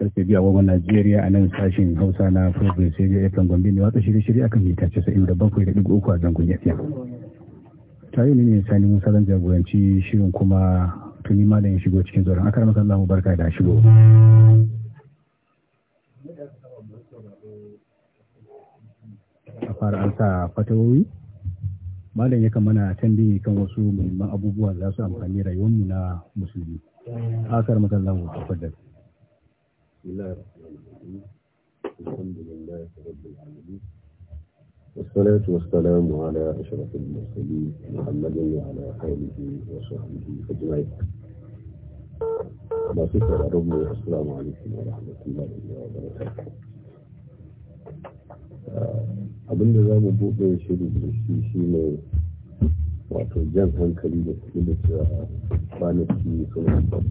karfe biyu a agogon Najeriya a nan sashen Hausa na Progress Radio FM Gombe ne watsa shirye-shirye akan mita uku a zangon Ta yi ne Sani mun zan jagoranci shirin kuma tuni malamin shigo cikin zoron akar maka Allah mu barka da shigo. A fara an sa fatawoyi. Malam yakan mana tambayi kan wasu muhimman abubuwa za su amfani rayuwarmu na musulmi. Akar maka Allah mu tafaddar. بسم الله الرحمن الرحيم الحمد لله رب العالمين والصلاة والسلام على أشرف المرسلين محمد وعلى آله وصحبه أجمعين بسم الله الرحمن الرحيم السلام عليكم ورحمة الله وبركاته abin da za mu buɗe shiri da shi shi ne wato jan hankali da suke da kwanaki suna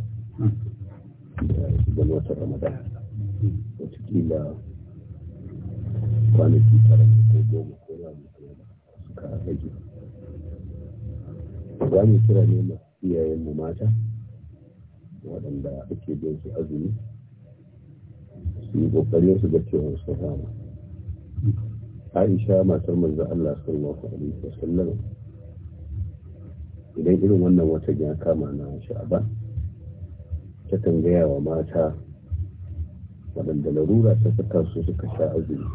shigar wata ramadan watakila kwanaki tara ne ko goma ko na mutum suka rage za mu kira ne masu iyayen mu mata waɗanda ake bin su azumi su yi ƙoƙarin su ga cewa su rama aisha matar manzo Allah sallallahu alaihi wasallam idan irin wannan watan ya kama na ba? takan gaya wa mata waɗanda larura ta saka su suka sha azumi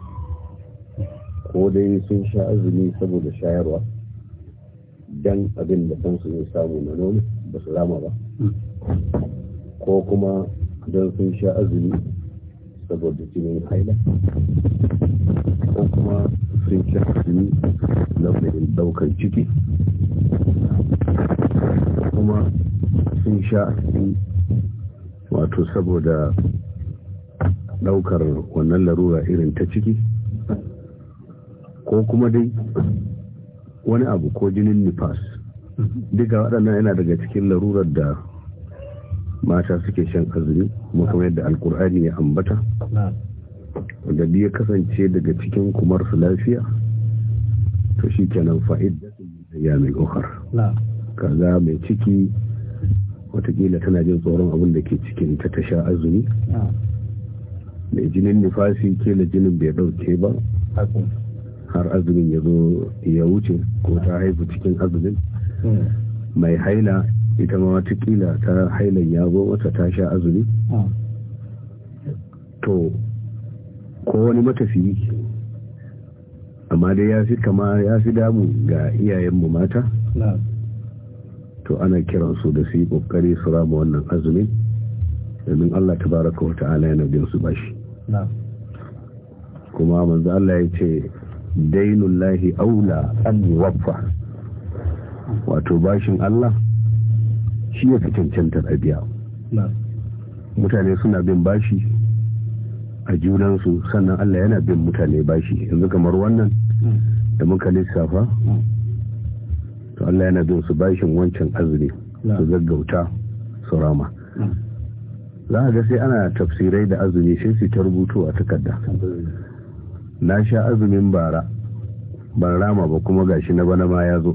ko dai sun sha azumi saboda shayarwa dan abin da kansu zai samu na nono ba su rama ba ko kuma don sun sha azumi saboda jinin haila ko kuma sun sha azumi na ɗaukan daukar ciki kuma sun sha azumi wato saboda daukar wannan larura irin ta ciki ko kuma dai wani abu ko jinin nifas Diga waɗannan yana daga cikin larurar da mata suke shan azumi kuma yadda alkur'ani ya ambata da biya kasance daga cikin kumar su lafiya to shi kenan fa'id ya mai ƙofar kaza mai ciki watakila tana jin tsoron abin da ke cikin ta ta sha azumi mai jinin nufasi kila jinin bai ɗauke ba har azumin ya zo ya wuce ko ta haifu cikin azumin mai haila ita ma watakila ta haila ya zo wata ta sha azumi to ko wani matafiyi amma dai ya fi kama ya fi damu ga iyayenmu mata to ana kiransu da su yi kokari su rama wannan azumin domin Allah ta baraka wa ta'ala yana bin su bashi kuma manzu Allah ya ce dainullahi aula an wafa wato bashin Allah shi ya fi cancantar a biya mutane suna bin bashi a junansu sannan Allah yana bin mutane bashi yanzu kamar wannan hmm. da muka lissafa hmm. to Allah yana bin su bashin wancan azumi su gaggauta su rama za a ga sai ana tafsirai da azumi sai su ta rubutu a takarda na sha azumin bara ban rama ba kuma gashi na bana ma ya zo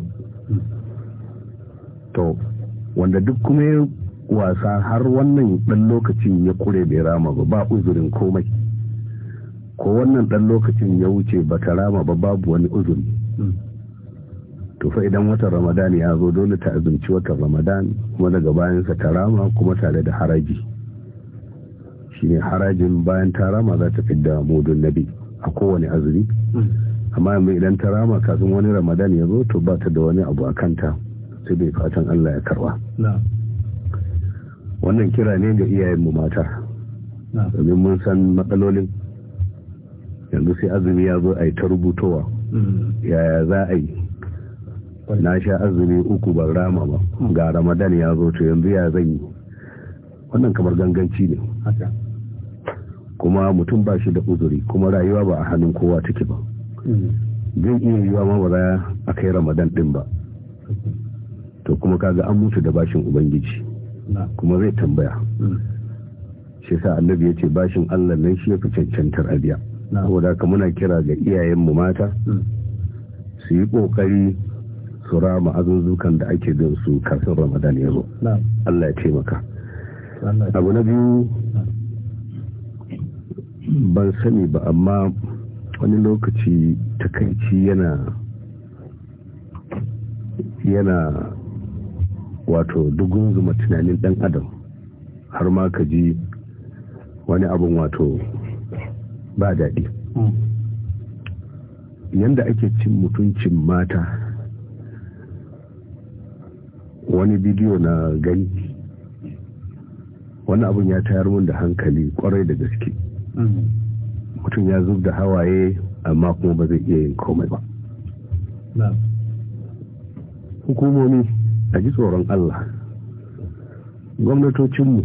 to wanda duk kuma ya wasa har wannan dan lokacin ya kure bai rama ba ba uzurin komai ko wannan dan lokacin ya wuce ba ta rama ba babu wani uzuri hmm. tufa idan watan ramadan ya zo dole ta azumci watan ramadan kuma daga bayansa ta rama kuma tare da haraji shine harajin bayan ta rama za ta fidda mudun nabi a kowane azumi amma yanzu idan ta rama kafin wani ramadan ya zo to ba ta da wani abu a kanta sai bai fatan allah ya karba wannan kira ne ga mu mata domin mun san matsalolin yanzu sai azumi ya zo a yi ta rubutowa mm. yaya za a yi na sha azumi uku ban rama ba ga ramadan ya zo to yanzu ya zan yi wannan kamar ganganci ne kuma mutum ba shi da uzuri kuma rayuwa ba a hannun kowa take ba zai iya yiwa ma ba za a kai ramadan din ba to kuma kaga an mutu da bashin ubangiji kuma zai tambaya hmm. shi sa annabi ya ce bashin allah nan shi ya fi cancantar abiya saboda haka muna kira ga iyayenmu mata hmm. su yi kokari su rama azuzzukan da ake bin su kafin ramadan ya zo Allah ya taimaka abu na biyu ban sani ba amma wani lokaci takaici yana yana wato dugun zuma tunanin dan adam har ma ka ji wani abin wato ba daɗi mm. yanda ake cin mutuncin mata wani bidiyo na gani wani abun ya tayar mun da hankali kwarai da gaske mm-hmm. mutum ya zub da hawaye amma kuma ba zai iya yin komai ba hukumomi a ji tsoron Allah gwamnatocinmu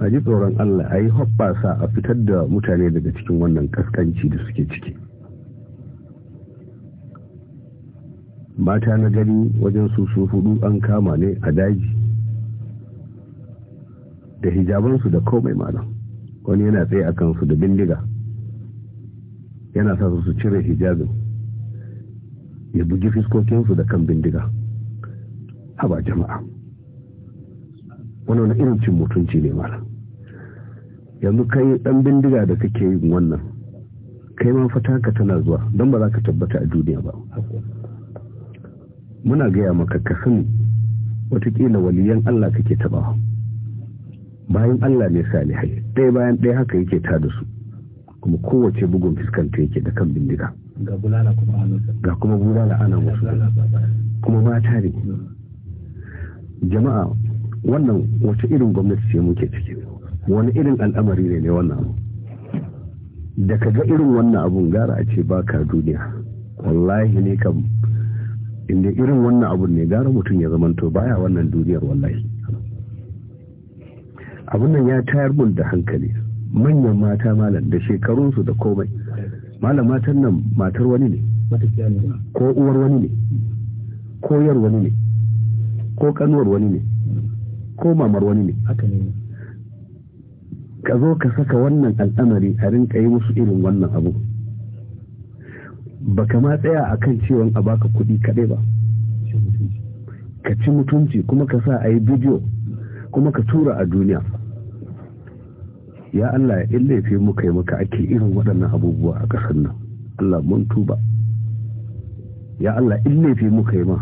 a ji tsoron Allah a yi hoppasa a fitar da mutane daga cikin wannan kaskanci da suke ciki mata na gani wajen su su hudu an kama ne a daji da hijabansu da komai malam wani yana tsaye a kansu da bindiga yana sa su cire hijabin ya bugi fiskokinsu da kan bindiga haba jama'a wani irin cin mutunci ne malam yanzu kai dan bindiga da kake yin wannan kai ma ka tana zuwa don ba za ka tabbata a duniya ba muna gaya maka ka sani watakila waliyan Allah kake taba bayan Allah ne salihai ɗaya bayan ɗaya haka yake ta da su kuma kowace bugun fiskanta yake da kan bindiga ga kuma bulala ana musu kuma mata ne jama'a wannan wata irin gwamnati ce muke ciki wani irin al'amari ne ne wannan abu da ka ga irin wannan abun gara a ce ba ka duniya wallahi ne kam inda irin wannan abun ne gara mutum ya zamanto baya wannan duniyar wallahi abun nan ya tayar mun da hankali manyan mata malam da shekarunsu da komai malam matan nan matar wani ne ko uwar wani ne ko yar wani ne ko kanuwar wani ne ko mamar wani ne ka zo ka saka wannan al'amari a rinka yi musu irin wannan abu ba kama tsaya a kan cewa a baka kuɗi kaɗai ba ka ci mutunci kuma ka sa a yi bidiyo kuma ka tura a duniya ya Allah ya illafe muka yi maka ake irin waɗannan abubuwa a ƙasar nan Allah mun tuba ya Allah illafe muka yi ma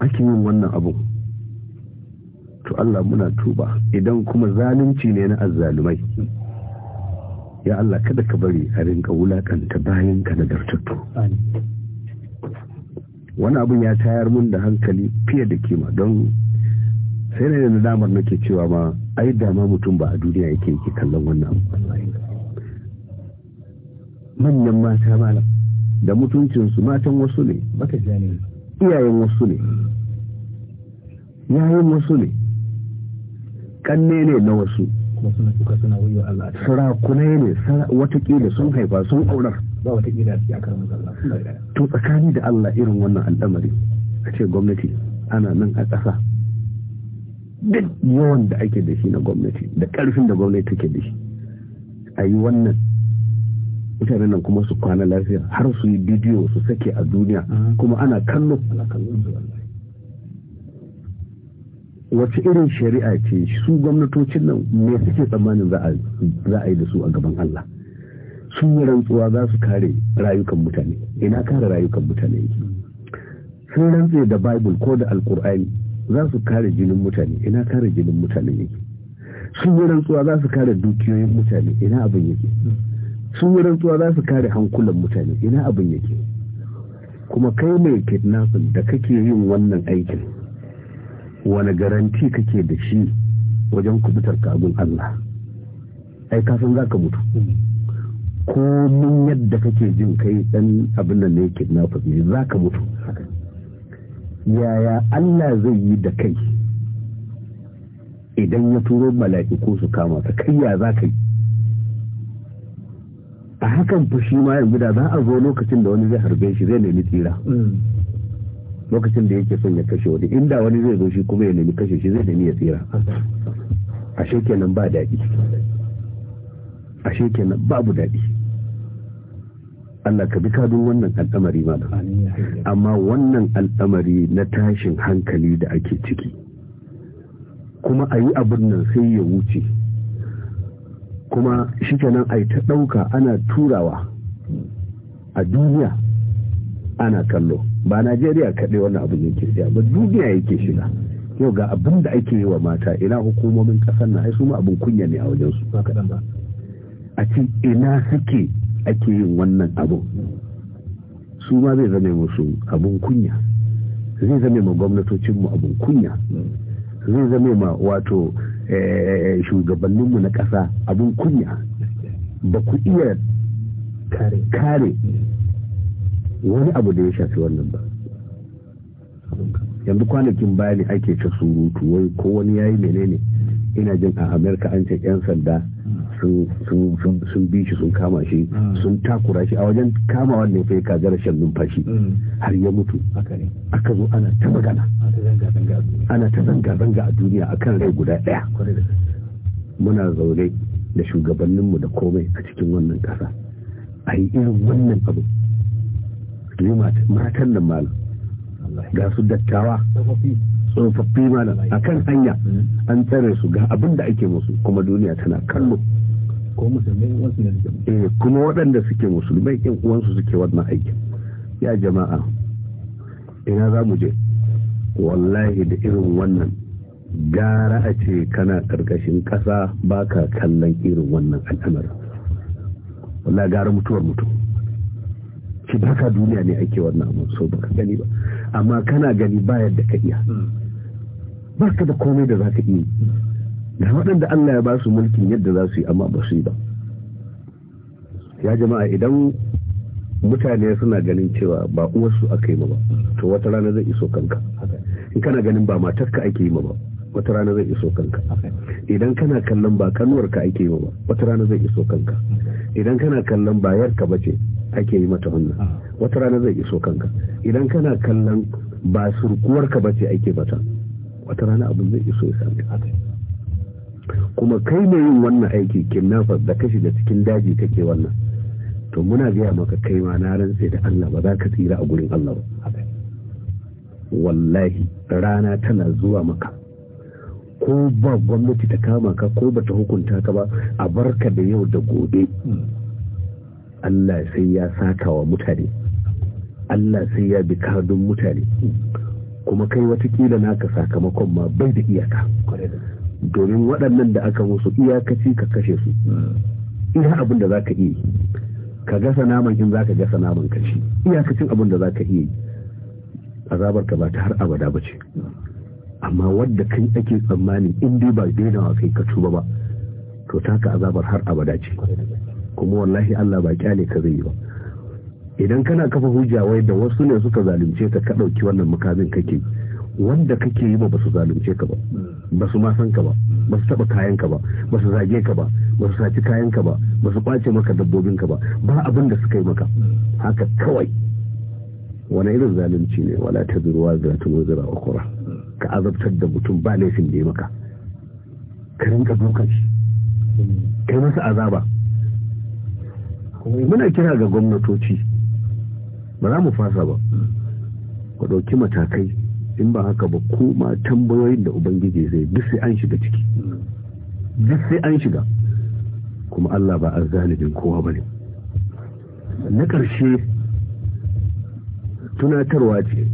ake yin wannan abu to Allah muna tuba idan kuma zalunci ne na azzalumai ya Allah kada ka bari a rinka wulakanta bayan ka da dartattu wani abin ya tayar mun da hankali fiye da kima don sai na da damar nake cewa ma ai dama mutum ba a duniya yake yake kallon wannan manyan mata mana da mutuncinsu matan wasu ne iyayen wasu ne yayin wasu ne kanne ne na wasu kuma suna duka suna wayo Allah sarakunai ne watakila sun haifa sun aurar ba watakila ya karamin Allah to tsakani da Allah irin wannan al'amari a ce gwamnati ana nan a ƙasa duk yawan da ake da shi na gwamnati da ƙarfin da gwamnati take da shi a yi wannan mutanen nan kuma su kwana lafiya har su yi bidiyo su sake a duniya mm. kuma ana kallo wace irin shari'a ce su gwamnatocin nan me suke tsammanin za a yi da su a gaban Allah su rantsuwa za su kare rayukan mutane ina kare rayukan mutane yake sun rantsuwa da bible ko da alkur'ani za su kare jinin mutane ina kare jinin mutane yake sun rantsuwa za su kare dukiyoyin mutane ina abin yake sun rantsuwa za su kare hankulan mutane ina abin yake kuma kai mai kidnapping da kake yin wannan aikin wani garanti kake da shi wajen kubutar kagun Allah ai ka san zaka mutu komin yadda kake jin kai dan abin da na kidnappers za zaka mutu yaya Allah zai yi da kai idan ya turo mala'iku su kama ka kai ya zaka yi a hakan fushi ma yanzu da za a zo lokacin da wani zai harbe shi zai nemi tsira mm. lokacin da yake son ya kashe wani inda wani zai zo shi kuma ya nemi kashe shi zai nemi ya tsira ashe nan ba daɗi a ashe nan babu daɗi Allah ka bi kadun wannan al'amari ma amma wannan al'amari na tashin hankali da ake ciki kuma a yi abin nan sai ya wuce kuma shi kenan a yi ta ɗauka ana turawa a duniya ana kallo ba najeriya kaɗai wannan abin yake siya ba duniya yake shiga yau ga abin da ake yi wa mata ina hukumomin ƙasar na su ma abin kunya ne a wajen su a ce ina suke ake yin wannan abin su ma zai zame musu abin kunya zai zame ma gwamnatocinmu abin kunya zai zame ma wato eh, shugabanninmu na ƙasa abin kunya ba ku iya kare wani abu da ya shafi wannan ba yanzu kwanakin baya ne ake ta surutu wai ko wani yayi menene ina jin a amerika an ce yan sanda sun bi shi sun kama shi sun takura shi a wajen kama wanda ya kagar shan numfashi har ya mutu aka zo ana ta magana ana ta zanga-zanga a duniya a kan rai guda daya muna zaune da shugabanninmu da komai a cikin wannan kasa a yi irin wannan abu yi matan nan malam ga su dattawa tsofaffi malam a kan hanya an tsare su ga abin da ake musu kuma duniya tana kallo eh, kuma waɗanda suke musulmai ƴan uwansu suke wannan aikin ya jama'a ina za mu je wallahi da irin wannan gara a ce kana ƙarƙashin ƙasa baka kallon irin wannan al'amarin wallahi gara mutuwar mutum Ki baka duniya ne ake wannan abu so ba gani ba amma kana gani ba yadda ka iya hmm. ba ka da komai da za ka iya da waɗanda Allah ya ba su mulkin yadda za su yi amma ba su yi ba ya jama'a idan mutane suna ganin cewa ba uwarsu aka yi ma ba to wata rana zai iso kanka in kana ganin ba matarka ake yi ma ba wata rana zai iso kanka idan kana kallon ba kanuwarka ake yi ba wata rana zai iso kanka idan kana kallon ba ka bace ake yi mata wannan wata rana zai iso kanka idan kana kallon ba surkuwarka bace ake mata wata rana abu zai iso ya sami kuma kai mai yin wannan aiki kidnapper da kashi da cikin daji kake wannan to muna gaya maka kai ma na rantse da Allah ba za ka tsira a gurin Allah ba wallahi rana tana zuwa maka ko ba gwamnati ta kama ka ko ba ta hukunta ka ba a barka da yau da gobe Allah sai ya saka wa mutane Allah sai ya bi kadun mutane kuma kai watakila naka sakamakon ma bai da iyaka domin waɗannan da aka musu iyakaci ka kashe su Iya abin da za ka iya ka gasa naman in za ka gasa naman kashi iyakacin abin da za ka iya azabar ka ba ta har abada ba ce amma wadda kai ake tsammani in dai ba dainawa kai ka tuba ba to taka azabar har abada ce kuma wallahi Allah ba kyale ka zai yi ba idan kana kafa hujja wai da wasu ne suka zalunce ka ka dauki wannan mukamin kake wanda kake yi ba ba su zalunce ka ba ba su ma ka ba ba su taba kayan ka ba ba su zage ka ba ba su saci kayan ka ba ba su kwace maka dabbobin ka ba ba abin da suka yi maka haka kawai wani irin zalunci ne wala taziru wa zatun wazira kura. ka azabtar da mutum ba laifin da ya maka ka rinka dukan kai masa azaba muna kira ga gwamnatoci ba za mu fasa ba ku ɗauki matakai in ba haka ba kuma tambayoyin da ubangiji zai duk sai an shiga ciki duk sai an shiga kuma Allah ba a zalibin kowa ba ne na ƙarshe tunatarwa ce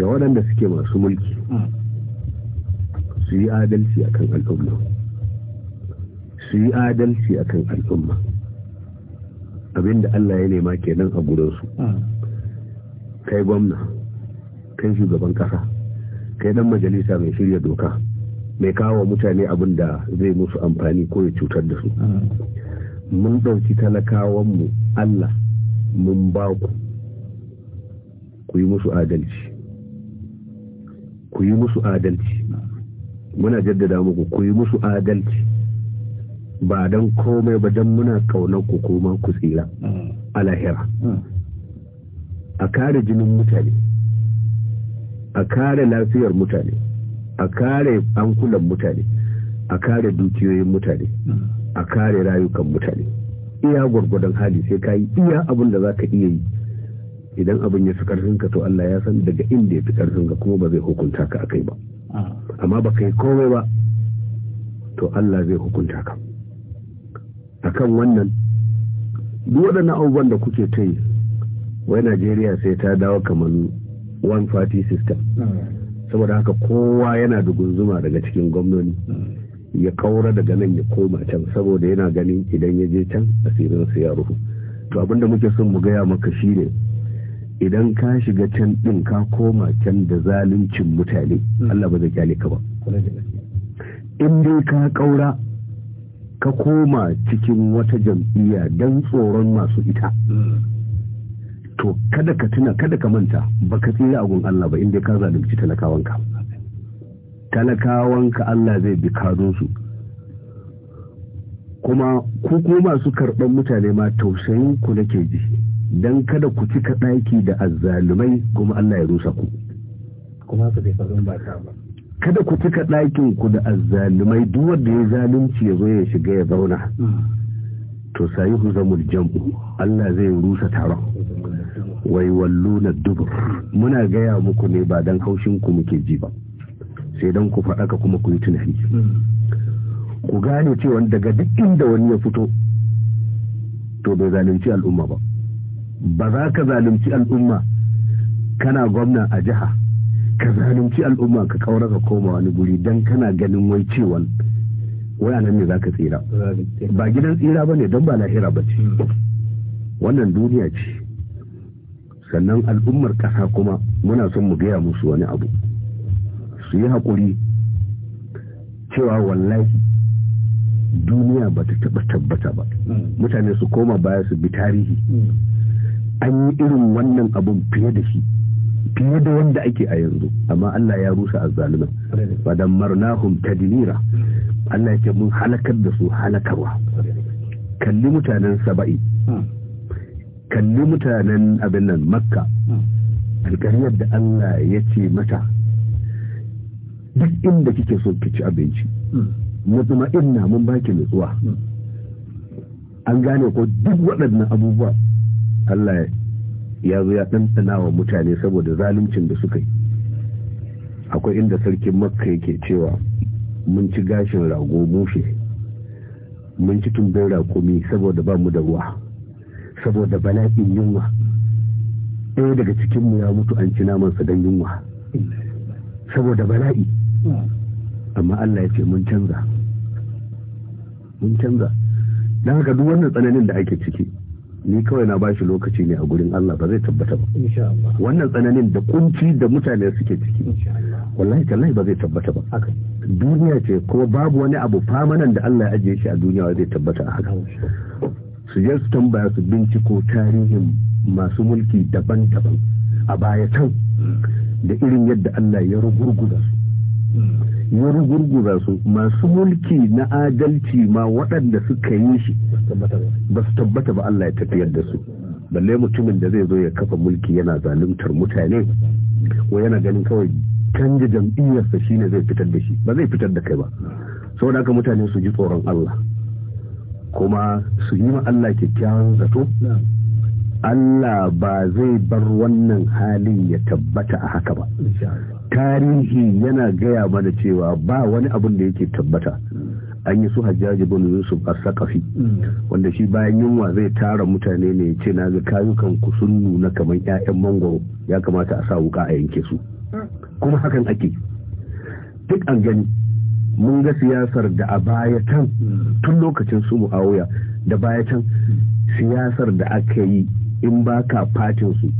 da waɗanda suke masu mulki su yi adalci akan al'umma su yi adalci kan al'umma abinda Allah ya nema kenan a gurinsu kai gwamna kai shugaban kasa kai dan majalisa mai shirya doka mai kawo wa mutane abin da zai musu amfani ko ya cutar da su mun ɗauki talakawanmu Allah mun ba ku ku yi musu adalci ku yi musu adalci muna jaddada muku ku yi musu adalci ba don komai ba don muna kaunar ku kuma ku tsira mm. a lahira mm. a kare jinin mutane a kare lafiyar mutane a kare ankulan mutane a kare dukiyoyin mutane mm. a kare rayukan mutane iya gwargwadon hali sai ka yi iya abin da za ka iya yi idan abin ya fi karfin ka to Allah ya san daga inda ya fi karfin ka kuma ba zai hukunta ka akai ba ah. amma ba kai komai ba to Allah zai hukunta ka akan wannan duk waɗannan abubuwan da kuke ta wai Najeriya sai ta dawo kamar one party system saboda haka kowa yana da gunzuma daga cikin gwamnoni hmm. ya kaura daga nan ya koma can saboda yana ganin idan ya je can asirin su ya ruhu to abinda muke son mu gaya maka shi ne. idan ka shiga can din ka koma can da zaluncin mutane hmm. Allah ba zai kyale ka ba in dai ka kaura ka koma cikin wata jam'iyya don tsoron masu ita hmm. to kada ka tuna kada ka manta baka tsira a gun Allah ba inda ka zalunci talakawanka talakawanka Allah zai bi kazo su kuma ku masu karɓar mutane ma tausayin ku nake ji don kada ku cika ɗaki da azzalumai kuma Allah ya rusa ku kuma su bai faɗin ba ta ba kada ku cika ɗakin ku da azzalumai duk wanda ya zalunci ya zo ya shiga ya zauna to sayi huzamul jam'u Allah zai rusa taron wai walluna dubur muna gaya muku ne ba dan haushin ku muke ji ba sai dan ku faɗaka kuma ku yi tunani ku gane cewa daga duk inda wani ya fito to bai zalunci al'umma ba ba za ka zalunci al'umma kana gwamna a jiha ka zalunci al'umma ka kawar ka koma wani guri don kana ganin wai cewan waya nan ne za ka tsira ba gidan tsira ba ne don ba lahira ba ce wannan duniya ce sannan al'ummar kasa kuma muna son mu gaya musu wani abu su yi haƙuri cewa wallahi duniya ba ta taɓa tabbata ba mm. mutane su koma baya su bi tarihi mm. an yi irin wannan abun fiye da shi fiye da wanda ake a yanzu amma Allah ya rusa azzaliman fadan marnahum tadlira Allah yake mun halakar da su halakarwa kalli mutanen saba'i kalli mutanen abin nan makka alkariyar da Allah ya ce mata duk inda kike so ki ci abinci mutuma inna mun baki nutsuwa an gane ko duk waɗannan abubuwa Allah ya ya zo ya ɗanɗana wa mutane saboda zaluncin da suka yi akwai inda sarkin makka yake cewa mun ci gashin rago mushe mun ci tumbin rakumi saboda ba mu da ruwa saboda bala'in yunwa ɗaya daga cikinmu ya mutu an ci namansa don yunwa saboda bala'i amma Allah ya ce mun canza mun canza don haka duk wannan tsananin da ake ciki ni kawai na bashi lokaci ne a gurin Allah ba zai tabbata ba wannan tsananin da kunci da mutane suke ciki wallahi tallahi ba zai tabbata ba duniya ce kuma babu wani abu famanan da Allah ya ajiye shi a duniya zai tabbata a haka su je su tambaya su binciko tarihin masu mulki daban-daban a baya can da irin yadda Allah ya rugurguza su hmm. ya rugurguza su masu mulki na adalci ma waɗanda suka yi shi ba su tabbata ba Allah ya tafiyar da su balle mutumin da zai zo ya kafa mulki yana zaluntar mutane ko yana ganin kawai canja jam'iyyarsa shine zai fitar da shi ba zai fitar da kai ba saboda haka mutane su ji tsoron Allah kuma su yi ma Allah kyakkyawan zato Allah ba zai bar wannan halin ya tabbata a haka ba tarihi yana gaya mana cewa ba wani abin da yake tabbata an yi su hajjaji bin yusuf a sakafi wanda shi bayan yunwa zai tara mutane ne ya ce na ga kayukan ku sun nuna kamar 'ya'yan mangoro ya kamata a sa wuka a yanke su kuma hakan ake duk an gani mun ga siyasar da a baya can tun lokacin su mu'awuya da baya can siyasar da aka yi in ba ka fatin su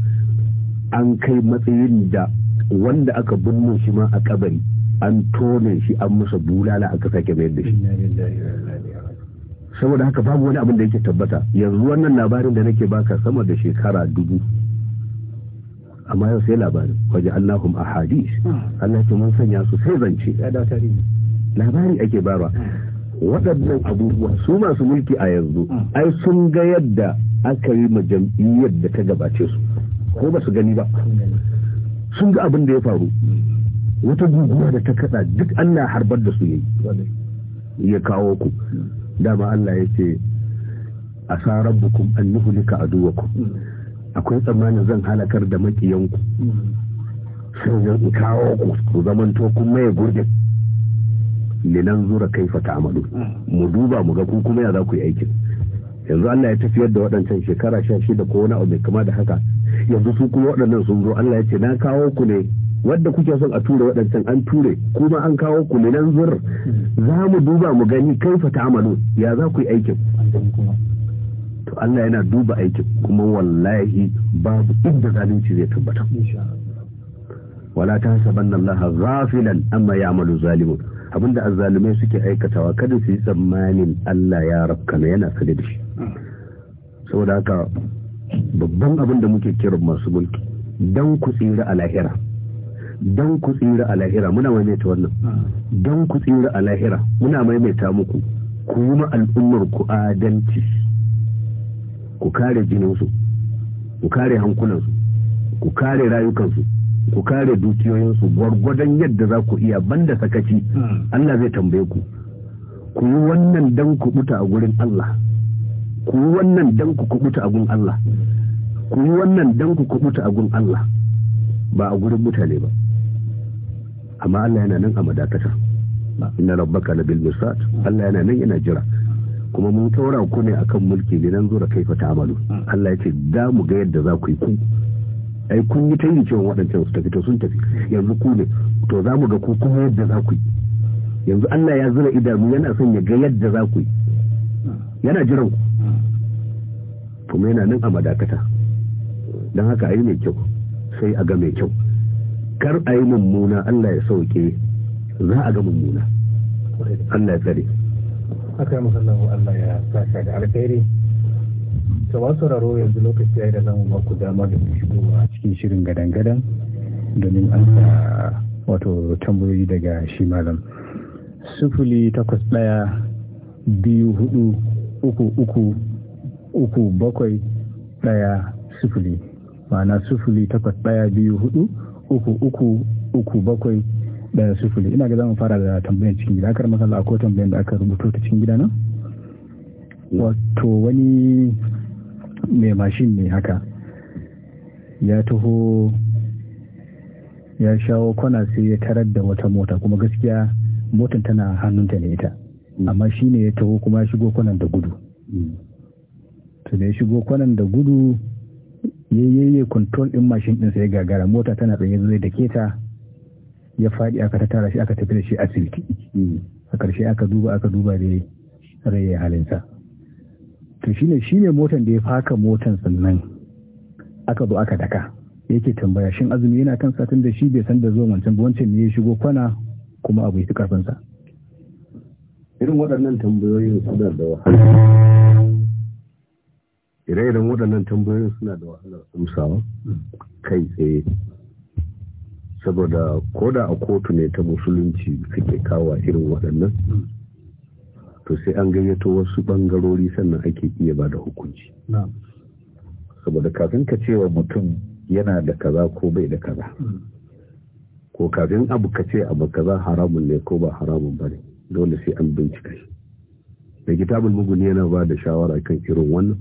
an kai matsayin da wanda aka binne shi ma a kabari an tone shi an masa bulala aka sake mayar da shi saboda haka babu wani abin da yake tabbata yanzu wannan labarin da nake baka sama da shekara dubu amma yau sai labarin waje allahum a hadis hmm. allah ce mun sanya su sai zance labari ake barwa hmm. waɗannan abubuwa su masu mulki a yanzu hmm. ai sun ga yadda aka yi ma jam'iyyar da ta gabace su ko ba su gani ba sun ga abin da ya faru wata guguwa da ta kada duk Allah harbar da su yi ya kawo ku dama Allah ya ce a sa rabbukum an a aduwakum akwai tsammanin zan halakar da makiyanku sai zan kawo ku ku zaman kun maye gurbin lilan zura kaifa Amadu. mu duba mu ga ku kuma ya za ku yi aikin yanzu Allah ya tafiyar da waɗancan shekara shida ko wani abu mai kama da haka yanzu su kuma waɗannan sun zo Allah ya ce na kawo ku ne wadda kuke son a ture waɗancan an ture kuma an kawo ku ne nan zur za mu duba mu gani kai fa amalu ya za ku yi aikin to Allah yana duba aikin kuma wallahi babu inda zalunci zai tabbata wala ta sabanna Allah ghafilan amma ya'malu zalimun abinda azzalumai suke aikatawa kada su yi tsammanin Allah ya rabkana yana sade da shi saboda haka babban abin da muke kiran masu mulki don ku tsira a lahira don ku tsira a lahira muna maimaita wannan don ku tsira a lahira muna maimaita muku ku yi ma al'ummar ku adalci ku kare jininsu ku kare hankulansu ku kare rayukansu ku kare dukiyoyinsu gwargwadon yadda za ku iya banda sakaci hmm. Allah zai tambaye ku ku yi wannan dan ku buta a gurin Allah ku yi wannan dan ku kubuta agun Allah ku yi wannan dan ku kubuta agun Allah ba a gurin mutane ba amma Allah yana nan a madakatar inna rabbaka labil mirsad Allah yana nan yana jira kuma mun taura ku ne akan mulki ne nan zura kai fata amalu Allah ce da mu ga yadda za ku yi ku ai kun yi tayin cewa waɗancan su tafi to sun tafi yanzu ku ne to za mu ga ku kuma yadda za ku yi yanzu Allah ya zura idanu yana son ya ga yadda za ku yi yana jiran ku kuma yana nan a madakata don haka a yi mai kyau sai a ga mai kyau kar a yi mummuna Allah ya sauke za a ga mummuna Allah ya tsare aka yi Allah ya saka da alkhairi ta wasu raro yanzu lokaci ya yi da zamu maku dama da shigowa cikin shirin gadan-gadan domin an sa wato tambayoyi daga shi malam sufuli takwas ɗaya biyu hudu uku uku uku bakwai ɗaya sufuli ma'ana sufuli takwas ɗaya biyu hudu uku uku uku bakwai ɗaya sufuli ina ga zamu fara da tambayar cikin gida akar masala akwai tambayar da aka rubuto ta cikin gida nan wato wani mai mashin ne haka ya taho ya shawo kwana sai ya tarar da wata mota kuma gaskiya motan tana hannun ta ne ita mm. amma shi ne ya taho kuma ya shigo kwanan da gudu mm. to da ya shigo kwanan da gudu ya yi kontrol din mashin ɗin sai gagara mota tana tsaye zai da keta ya faɗi aka ta tara shi aka tafi da shi asibiti hmm. a karshe aka duba aka duba da rai halinsa to shine shine motan da ya faka motan sannan aka zo aka daka yake tambaya shin azumi yana kan satin da shi bai san da zo wancan wancan ne ya shigo kwana kuma abu ya fi karfinsa irin waɗannan tambayoyin suna da wahala ire-iren waɗannan tambayoyin suna da wahalar amsawa kai tsaye saboda koda a kotu ne ta musulunci suke kawo irin waɗannan to sai an gayyato wasu ɓangarori sannan ake iya ba da hukunci saboda kafin ka cewa mutum yana da kaza ko bai da kaza ko kafin abu ka ce abu kaza haramun ne ko ba haramun ba ne dole sai an bincika shi da kitabul muguni yana ba da shawara kan irin wannan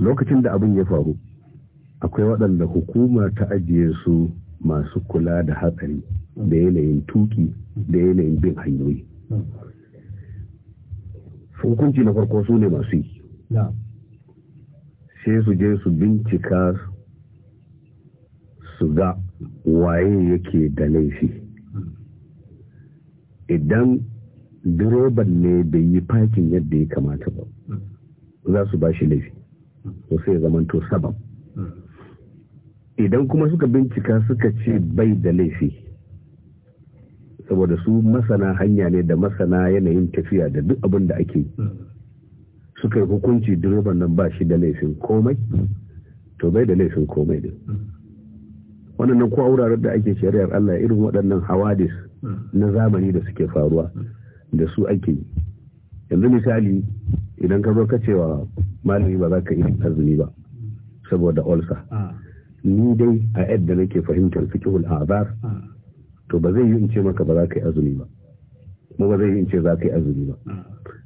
lokacin da abin ya faru akwai waɗanda hukuma ta ajiye su masu kula da hatsari da yanayin tuki da yanayin bin hanyoyi hukunci na farko su ne masu yi sai su je su bincika su ga waye yake da laifi idan direban ne bai yi fakin yadda ya kamata ba za su ba shi laifi to sai zamanto sabab idan kuma suka bincika suka ce bai da laifi saboda su masana hanya ne da masana yanayin tafiya da duk abin da ake suka yi hukunci direban nan ba shi da laifin komai to bai da laifin komai din wannan ko wuraren da ake shari'ar Allah irin waɗannan hawadis na zamani da suke faruwa da su ake yanzu misali idan ka zo ka cewa malami ba za ka yi azumi ba saboda olsa ah. ni dai a yadda nake fahimtar fikihul azar ah. to ba zai yi in ce maka ba za ka yi azumi ba kuma ba zai yi in ce za ka yi azumi ba ah.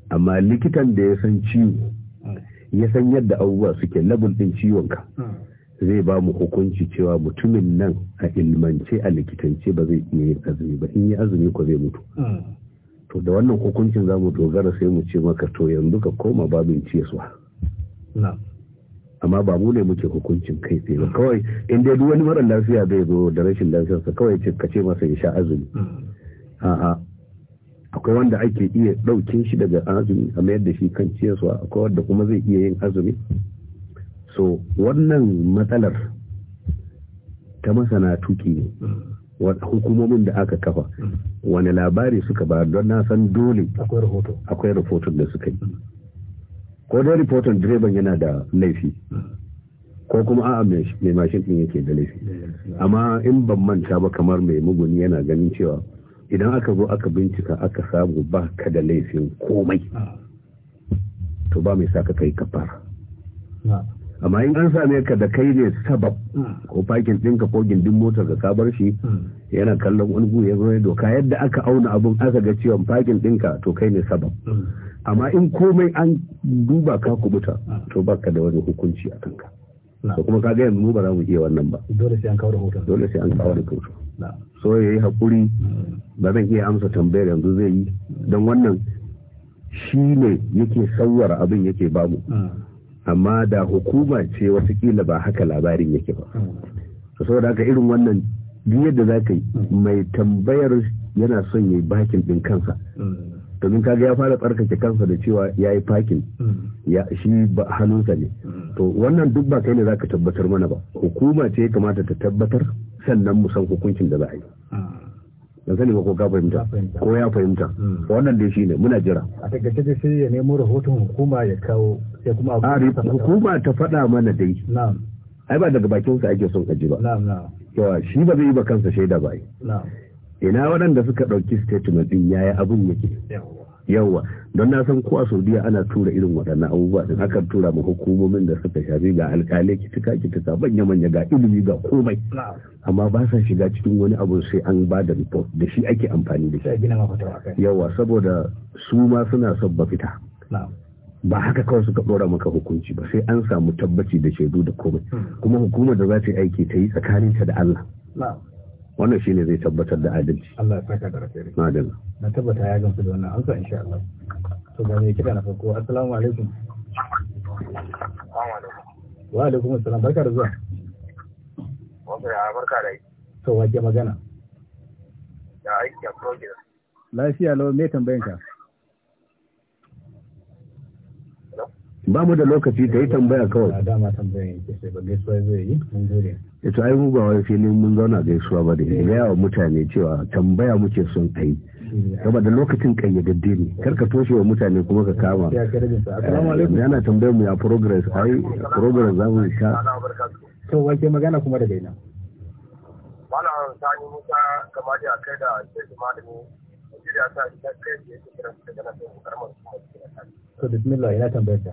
amma likitan da ya san ciwo ya san yadda abubuwa suke labul din ciwonka zai ba mu hukunci cewa mutumin nan a ilmance a likitance ba zai iya yin azumi ba in yi azumi ko zai mutu to da wannan hukuncin za mu dogara sai mu ce maka to yanzu ka koma babin ciyaswa amma ba mu ne muke hukuncin kai tsaye ba kawai in dai duk wani mara lafiya bai zo da rashin lafiyarsa kawai ce ka ce masa ya sha azumi mm. a'a akwai wanda ake iya ɗauke shi daga azumi a mayar da shi kan ciyarwa akwai wanda kuma zai iya yin azumi so wannan matsalar ta masana tuki ne mm. hukumomin da aka kafa mm. wani labari suka ba don na san dole akwai rahoton da suka yi ko dai rifoton direban yana da laifi ko kuma a'a mai mashin din yake da laifi amma in ban manta ba kamar mai muguni yana ganin cewa idan aka zo aka bincika aka samu ba ka da laifin komai to ba mai sa ka kai kafara amma in an same ka da kai ne sabab hmm. ko fakin ɗinka ko gindin motar ka bar shi hmm. yana kallon wani gu ya zo doka yadda aka auna abin aka ga cewa fakin ɗinka to kai ne sabab hmm. amma in komai an duba ka kubuta to baka da wani hukunci a kanka to kuma ka gaya mu ba za mu iya wannan ba dole sai an kawo rahoto dole sai an kawo rahoto so yayi hakuri ba zan iya amsa tambayar yanzu zai yi don wannan shi ne yake sauwara abin yake bamu amma da hukuma ce watakila ba haka labarin yake ba saboda haka irin wannan yadda za ka yi mai tambayar yana son ya yi bakin ɗin kansa domin kaga ya fara tsarkake kansa da cewa ya yi fakin ya shi hannunsa ne to wannan duk ba kai ne za ka tabbatar mana ba hukuma ce ya kamata ta tabbatar sannan mu san hukuncin da za a yi yan sani ba ko ka fahimta ko ya fahimta hmm. wannan dai shine muna jira a takaice dai sai ya nemo rahoton hukuma ya kawo sai kuma hukuma ta faɗa mana dai na'am ai ba daga bakin sa ake son aji ba na'am na'am shi ba zai yi ba kansa shaida ba na'am ina waɗanda suka ɗauki statement din yayi abun yake yawa don na san ko a saudiya ana tura irin waɗannan abubuwa din haka tura ma hukumomin da suka shafi ga alkalai kitika kitika manya manya ga ilimi ga komai amma ba sa shiga cikin wani abu sai an ba da report da shi ake amfani da shi yawa saboda su ma suna son ba fita ba haka kawai suka ɗora maka hukunci ba sai an samu tabbaci da shaidu da komai hmm. kuma hukumar da za ta yi aiki ta yi tsakaninta da Allah wannan shine zai tabbatar da adalci Allah ya saka da rafi madalla na tabbata ya gamsu da wannan an san insha Allah to ga me kika na farko assalamu alaikum wa alaikum assalam barka da zuwa wanda ya barka da to wace magana ya aiki a project lafiya lau me tambayanka ba mu da lokaci da yi tambaya kawai dama tambayan yake sai ba gaisuwa zai yi mun gode ya eh, to ai mu ba mun zauna gaisuwa ba da ya yawa mutane cewa tambaya muke son kai gaba da lokacin kayyadadde ne kar ka toshe wa mutane kuma ka kama yana eh, tambayar mu ya progress ai progress za mu sha to wake magana kuma da daina malam sani musa da kai da ina tambayar da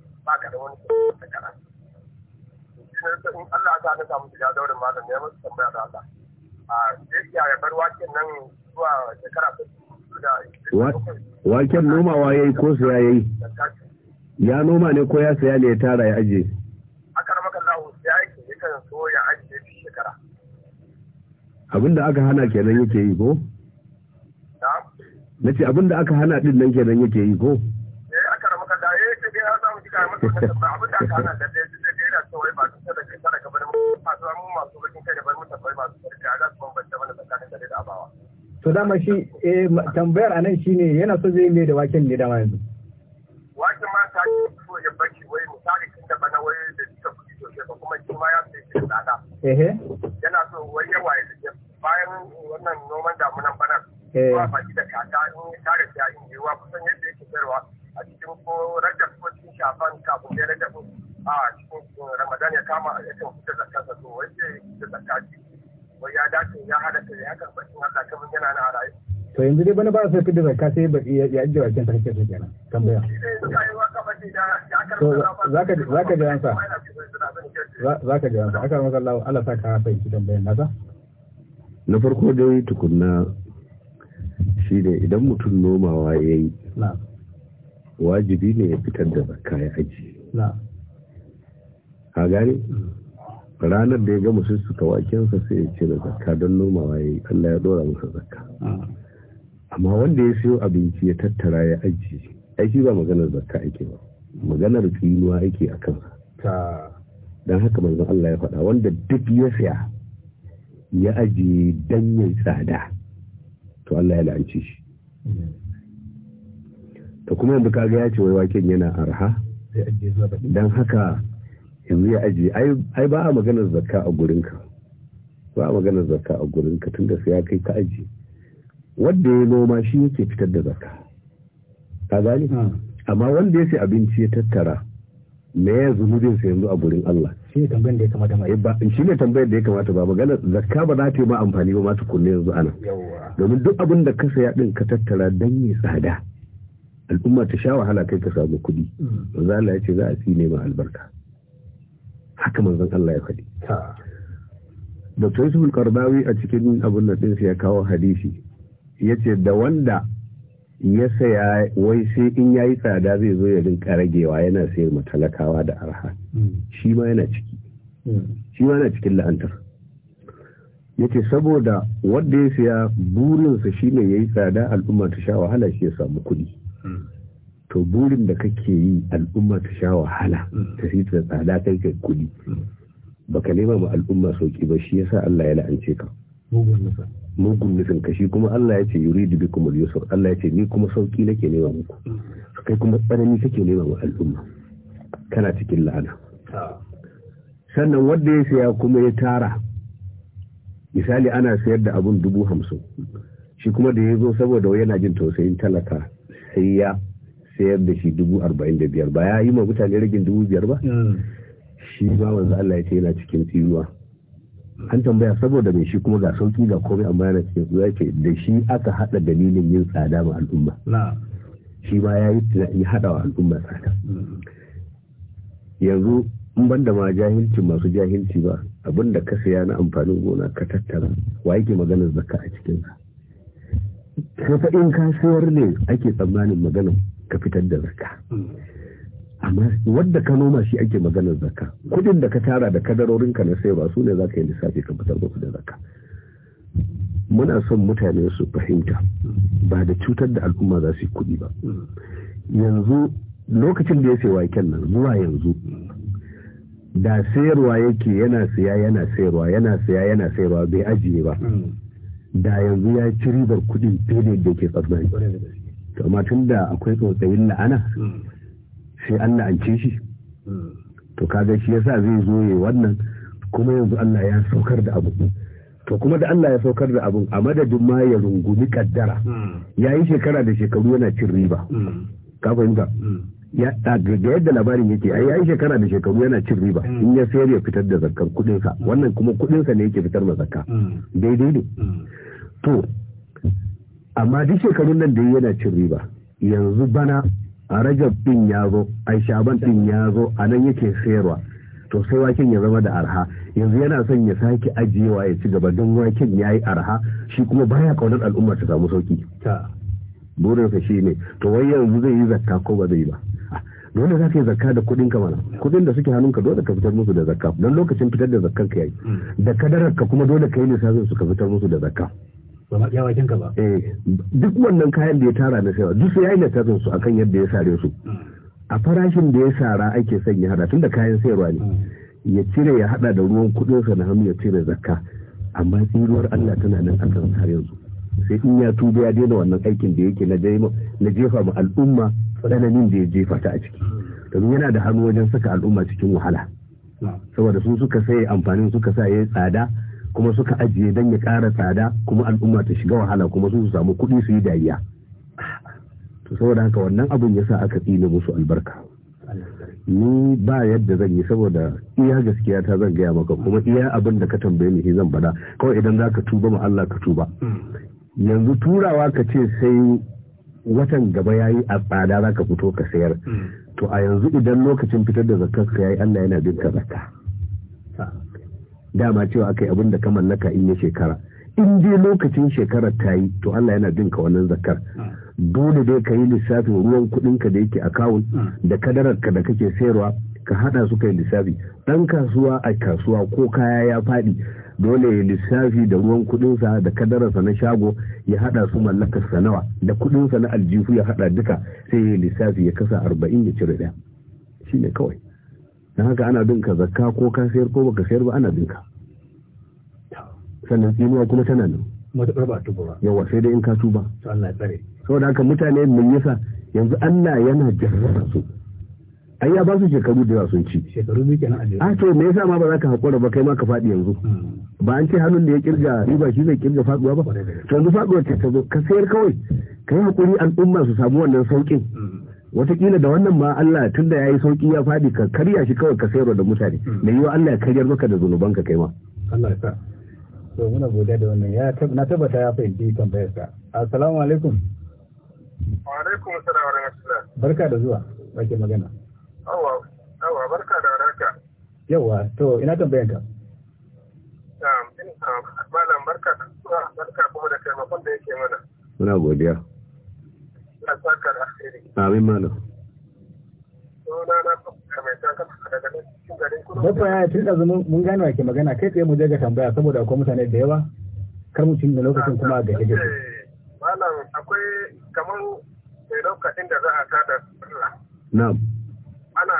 ba ka da Allah ka samu shiga daurin malam ne tambaya ya waken nomawa ya yi ko saya ya yi ya noma ne ko ya saya ne ya tara ya aje a lahu ya yi yakan so ya aje shekara abinda aka hana kenan yake yi ko na ce abinda aka hana din nan kenan yake yi ko to dama shi eh tambayar anan shine yana so zai mai da waken ne dama yanzu waken ma ta yi so ya baki wai misali kin da bana wai da suka kuɗi sosai ba kuma shi ma ya sai shi tsada yana so wai ya wai da bayan wannan noman damunan bana eh ba shi da kata in tare da yayin yiwuwa kusan yadda yake sayarwa a cikin ko rajab ko cikin shafan kafin da rajab a cikin eh, ramadan ya kama ya kan fita zakka sa to wai sai da zakka ce wai ya dace ya halatta ya kan bakin Allah kamar yana na rayu to yanzu dai bana ba sai fita zakka sai baki ya ajiye wakin ta kake so kenan tambaya to zaka zaka ji ansa zaka ji ansa aka masa Allah Allah saka fahimci tambayar nasa na farko dai tukunna shi ne idan mutum nomawa ya yi wajibi ne ya fitar da zakka ya aji a gane ranar da ya gama su suka wakensa sai ya cire zakka don nomawa ya yi allah ya dora musu zakka amma wanda ya siyo abinci ya tattara ya aji aiki ba maganar zakka ake ba maganar tsinuwa ake a kansa don haka manzon allah ya faɗa wanda duk ya siya ya aji dan ya tsada to allah ya la'anci shi mm. to kuma yanzu kaga ya ce wai waken yana arha don haka yanzu ya ajiye ai ba a maganar zakka a gurinka ba a maganar zakka a gurinka tun da ya kai ka ajiye wanda ya noma shi yake fitar da zakka ka gani ah. amma wanda ya sai abinci ya tattara me ya zunubin sa yanzu a gurin Allah shi ne tambayar da ya kamata ma eh, ba shi ne tambayar da ya kamata ba maganar zakka ba za ta yi ma amfani ba ma tukunne yanzu ana domin duk abin da ka saya din ka tattara dan yi tsada al'umma ta sha wahala kai ka samu kuɗi mm. manzo Allah ya ce za a tsine ma albarka haka manzan Allah ya faɗi da tosul kardawi a cikin abin da ɗinsa ya kawo hadisi ya ce da wanda ya saya wai sai in ya yi tsada zai zo ya rinka ragewa yana sayar ma talakawa da arha mm. shi ma yana ciki mm. shi ma yana cikin la'antar ya ce saboda wanda ya saya burinsa shi ne ya yi tsada al'umma ta sha wahala shi ya samu kuɗi to burin da kake yi al'umma ta sha wahala mm. ta fi ta tsada kai kai kuɗi mm. baka nema ma al'umma sauki ba shi yasa Allah ya la'ance ka mugun nufin ka shi kuma Allah ya ce yuridu bikum kuma yusr Allah ya ce ni kuma sauki nake nema muku mm. kai kuma tsanani kake nema ma al'umma kana cikin la'ana sannan wanda ya saya kuma ya tara misali ana sayar da abun dubu hamsin shi kuma da ya zo saboda yana jin tausayin talaka sai ya sayar da shi dubu arba'in da biyar ba ya yi ma mutane ragin dubu biyar ba hmm. shi ma wanzu Allah ya ce yana cikin tsiruwa an tambaya saboda mai shi kuma ga sauki ga komai amma yana cikin tsiruwa ce da shi aka haɗa dalilin yin tsada ma al'umma shi ma ya yi tunani haɗa wa al'umma tsada hmm. yanzu in ban da ma jahilci masu jahilci ba abin da ka saya na amfanin gona ka tattara wa yake maganar zakka a cikinsa ka in ka sayar ne ake tsammanin maganar ka fitar da zaka hmm. amma wadda ka noma shi ake maganar zaka kudin da ka tara da kadarorin ka na sayarwa su ne ka yi lissafi ka fitar da zaka muna son mutane su fahimta ba da cutar da al'umma za su yi kuɗi ba hmm. yanzu lokacin da ya sai waken nan zuwa yanzu da sayarwa yake yana saya yana sayarwa yana saya yana sayarwa bai ajiye ba hmm. da yanzu ya ci ribar kudin fede da ke tsammani to amma tun da akwai tsautsayin la'ana hmm. sai an la'ance shi hmm. to kaga shi yasa zai zo ya wannan kuma yanzu Allah ya saukar da abu to kuma da Allah ya saukar da abun a madadin ma ya rungumi kaddara hmm. ya yi shekara da shekaru yana cin riba ka fahimta ga yadda labarin yake ai ya yi shekara da shekaru yana cin riba in ya sayar ya fitar da zakkar kudinsa wannan kuma kudinsa ne yake fitar da zakka daidai ne to amma duk shekarun nan da yana cin riba yanzu bana a rajab din ya zo a shaban din ya zo a nan yake sayarwa to sai waken ya zama da arha yanzu yana son ya sake ajiyewa ya ci gaba don waken ya yi arha shi kuma baya kaunar al'umma ta samu sauki burinsa shi ne to wai yanzu zai yi zakka ko ba zai ba ah, dole za ka yi zakka da kudin ka mana kudin da suke hannunka dole ka fitar musu da zakka don lokacin fitar da zakkan ka yayi hmm. da kadarar ka kuma dole ka yi lissafin su ka fitar musu da zakka ba wajen eh, duk wannan kayan da ya tara na sayawa duk sai ya yi littafin su akan yadda ya sare su hmm. a farashin da ya sara ake sanya hada tun da kayan sayarwa ne hmm. ya cire ya hada da ruwan kudinsa na hannu ya cire zakka amma tsiruwar Allah tana nan a kan sare su sai in ya tuba ya daina wannan aikin da yake na jefa ma al'umma tsananin da ya jefa ta a ciki hmm. domin yana da hannu wajen saka al'umma cikin wahala saboda su suka sai amfanin suka sa ya yi tsada kuma suka ajiye don ya kara tsada kuma al'umma ta shiga wahala kuma su samu kuɗi su yi dariya to saboda haka wannan abin ya sa aka tsina musu albarka ni ba yadda zan yi saboda iya gaskiya ta zan gaya maka kuma iya abin da ka tambaye ni zan bada kawai idan za ka tuba ma ka tuba yanzu turawa ka ce sai watan gaba yayi a tsada za ka fito ka sayar to a yanzu idan lokacin fitar da zakar ka yayi Allah yana bin ka zakka dama cewa aka yi abin da ka mallaka in ya shekara in dai lokacin shekarar ta yi to Allah yana bin ka wannan zakar ah. dole dai ka yi lissafin ruwan kuɗin ka da yake a kawun ah. da kadarar ka da kake sayarwa ka hada su kai lissafi dan kasuwa a kasuwa ko kaya ya faɗi dole ya lissafi da ruwan sa da kadararsa na shago ya hada su mallakarsa nawa da sa na aljihu ya hada duka sai ya lissafi ya kasa arba'in ya cire daya shine kawai don haka ana bin ka zakka ko ka sayar ko baka sayar ba ana bin ka sannan tsinuwa kuma tana nan matuƙar ba tuba yawa sai dai in ka tuba to Allah ya tsare saboda haka mutane mun yasa yanzu Allah yana jarraba su ai ya ba su shekaru da sun ci shekaru biyu kenan a to me yasa ma ba za ka hakura ba kai ma ka faɗi yanzu hmm. ba an ce hannun da ya kirga riba shi zai kirga faduwa ba to yanzu faduwa ce ta zo ka sayar kawai kai hakuri al'umma su samu wannan saukin hmm. watakila da wannan ma Allah tun da ya yi sauki ya faɗi ka karya shi kawai ka sayarwa da mutane hmm. mai yiwa Allah ya karyar maka da ka kai ma Allah ya sa to muna godiya da wannan ya na tabbata ya fahimci bayar ka assalamu alaikum wa alaikum assalam wa rahmatullah barka da zuwa baki magana yawa yawa barka da warhaka yawa to ina tambayar ka malam barka da zuwa barka kuma da taimakon da yake mana muna godiya Allah saka da alheri suna ya tun da zama mun gane wake magana kai tsaye mu je ga tambaya saboda akwai mutane da yawa kar mu cinye lokacin kuma ga gaje. Eh, Malam akwai kamar lokacin da za a tada sallah. Na'am. Ana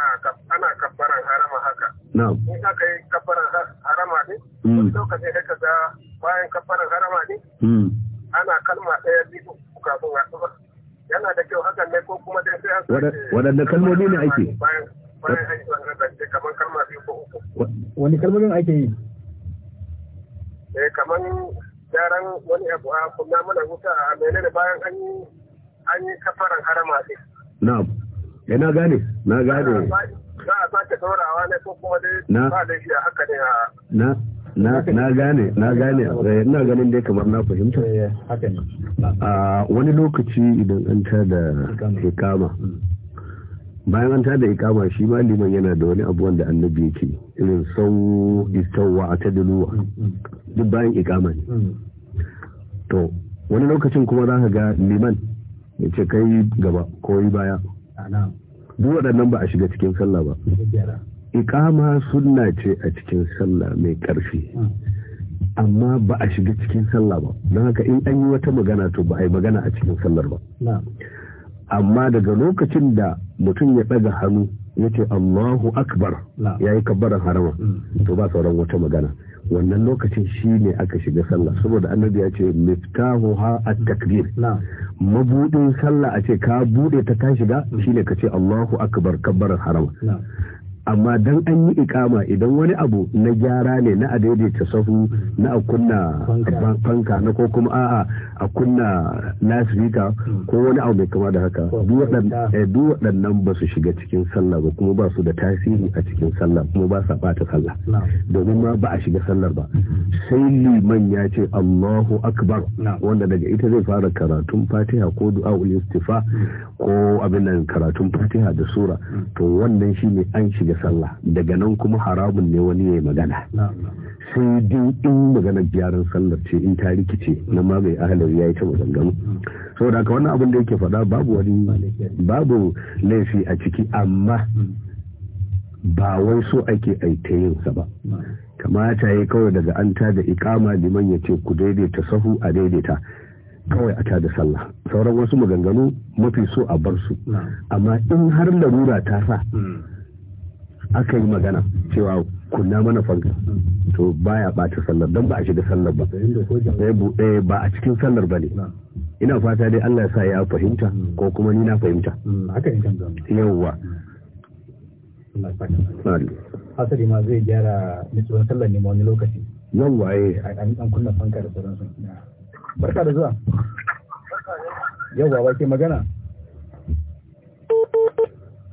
ana kabbaran harama haka. Na'am. In aka yi kabbaran harama ne, hmm. wani lokacin da ka ga bayan kabbaran harama ne, hmm. ana kalma ɗaya biyu kafin a yana da kyau hakan ne ko kuma dai sai waɗanne kalmomi ne ake yi eh, kamar wani abu a kuma mana wuta a menene bayan an yi kafaran harama ne eh na gane na gane za a sake dorawa ne ko kuma dai ba a haka ne a na gane na gane eh, ina ganin dai kamar na fahimta eh, eh, a wani lokaci idan an ta da ikama mm. bayan an ta da ikama shi ma liman yana da wani abu wanda annabi yake irin sau istawa a tadiluwa mm, mm. duk bayan ikama ne to wani lokacin kuma za ka ga liman ya ce kai gaba ko yi baya duk waɗannan ba a shiga cikin sallah ba ikama sunna ce a cikin sallah mai ƙarfi amma ba a shiga cikin sallah ba don haka in an yi wata magana to ba a yi magana a cikin sallar ba amma daga lokacin da mutum ya ɗaga hannu ya ce allahu akbar ya yi kabbaran harama mm. to ba sauran wata magana wannan lokacin shi ne aka shiga sallah saboda annabi ya ce miftahu ha at takbir mabudin sallah a ce ka bude ta ka shiga mm. shine ka ce allahu akbar kabbaran harama amma dan an yi ikama idan wani abu na gyara ne na a daidaita sahu na a kunna fanka na ko kuma a'a a kunna lasifika ko wani abu mai kama da haka eh, duk waɗannan ba su shiga cikin sallah ba kuma ba su da tasiri a cikin sallah kuma ba sa bata sallah domin ma ba a shiga sallar ba mm-hmm. sai liman ya ce Allahu akbar wanda daga ita zai fara karatun fatiha ko du'a istifa mm. ko abin nan karatun fatiha da sura mm. to wannan shine an shiga sallah daga nan kuma haramun ne wani ya yi magana sai dai in magana gyaran sallar ce in ta rikice na ma mai ahalar ya yi ta maganganu saboda haka wannan abin da yake faɗa babu wani babu laifi a ciki amma hmm. ba wai so ake aita yinsa ba kamata ya kawai daga an ta da ikama liman ya ce ku daidaita sahu a daidaita kawai a da sallah sauran wasu maganganu mafi so a bar su amma in har larura ta sa hmm. aka yi magana cewa kunna mana fanka to baya ɓata sallar don ba a shiga sallar ba eh, eh, ba a cikin sallar ba ne ina fata dai Allah ya sa ya fahimta hmm. ko kuma ni na fahimta hmm, yawwa hasali ma zai gyara nutsuwar sallar ne wani lokaci yawwa eh an kunna fanka da sauransu barka da zuwa yawwa ba ke magana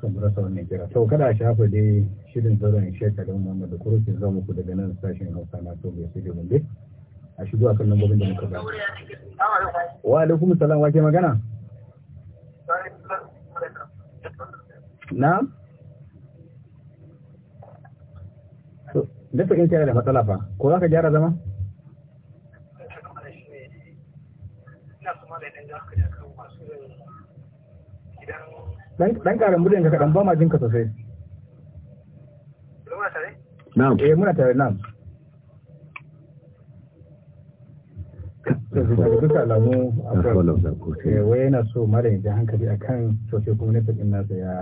sun rasa wannan kira sau kada a shafa dai shirin zauren shekarun muhammadu kurufin zama ku daga nan sashen hausa na to bai su da dai. a shigo a kan lambobin da muka ba wa alaikum salam wake magana na Dafa in da matsala fa, ko za ka gyara zama? dan karan burin ka kadan ba ma jinka sosai na'am eh muna tare na'am duka alamu a eh, wai yana so mara yanzu hankali a kan sosai gwamnati din nasa ya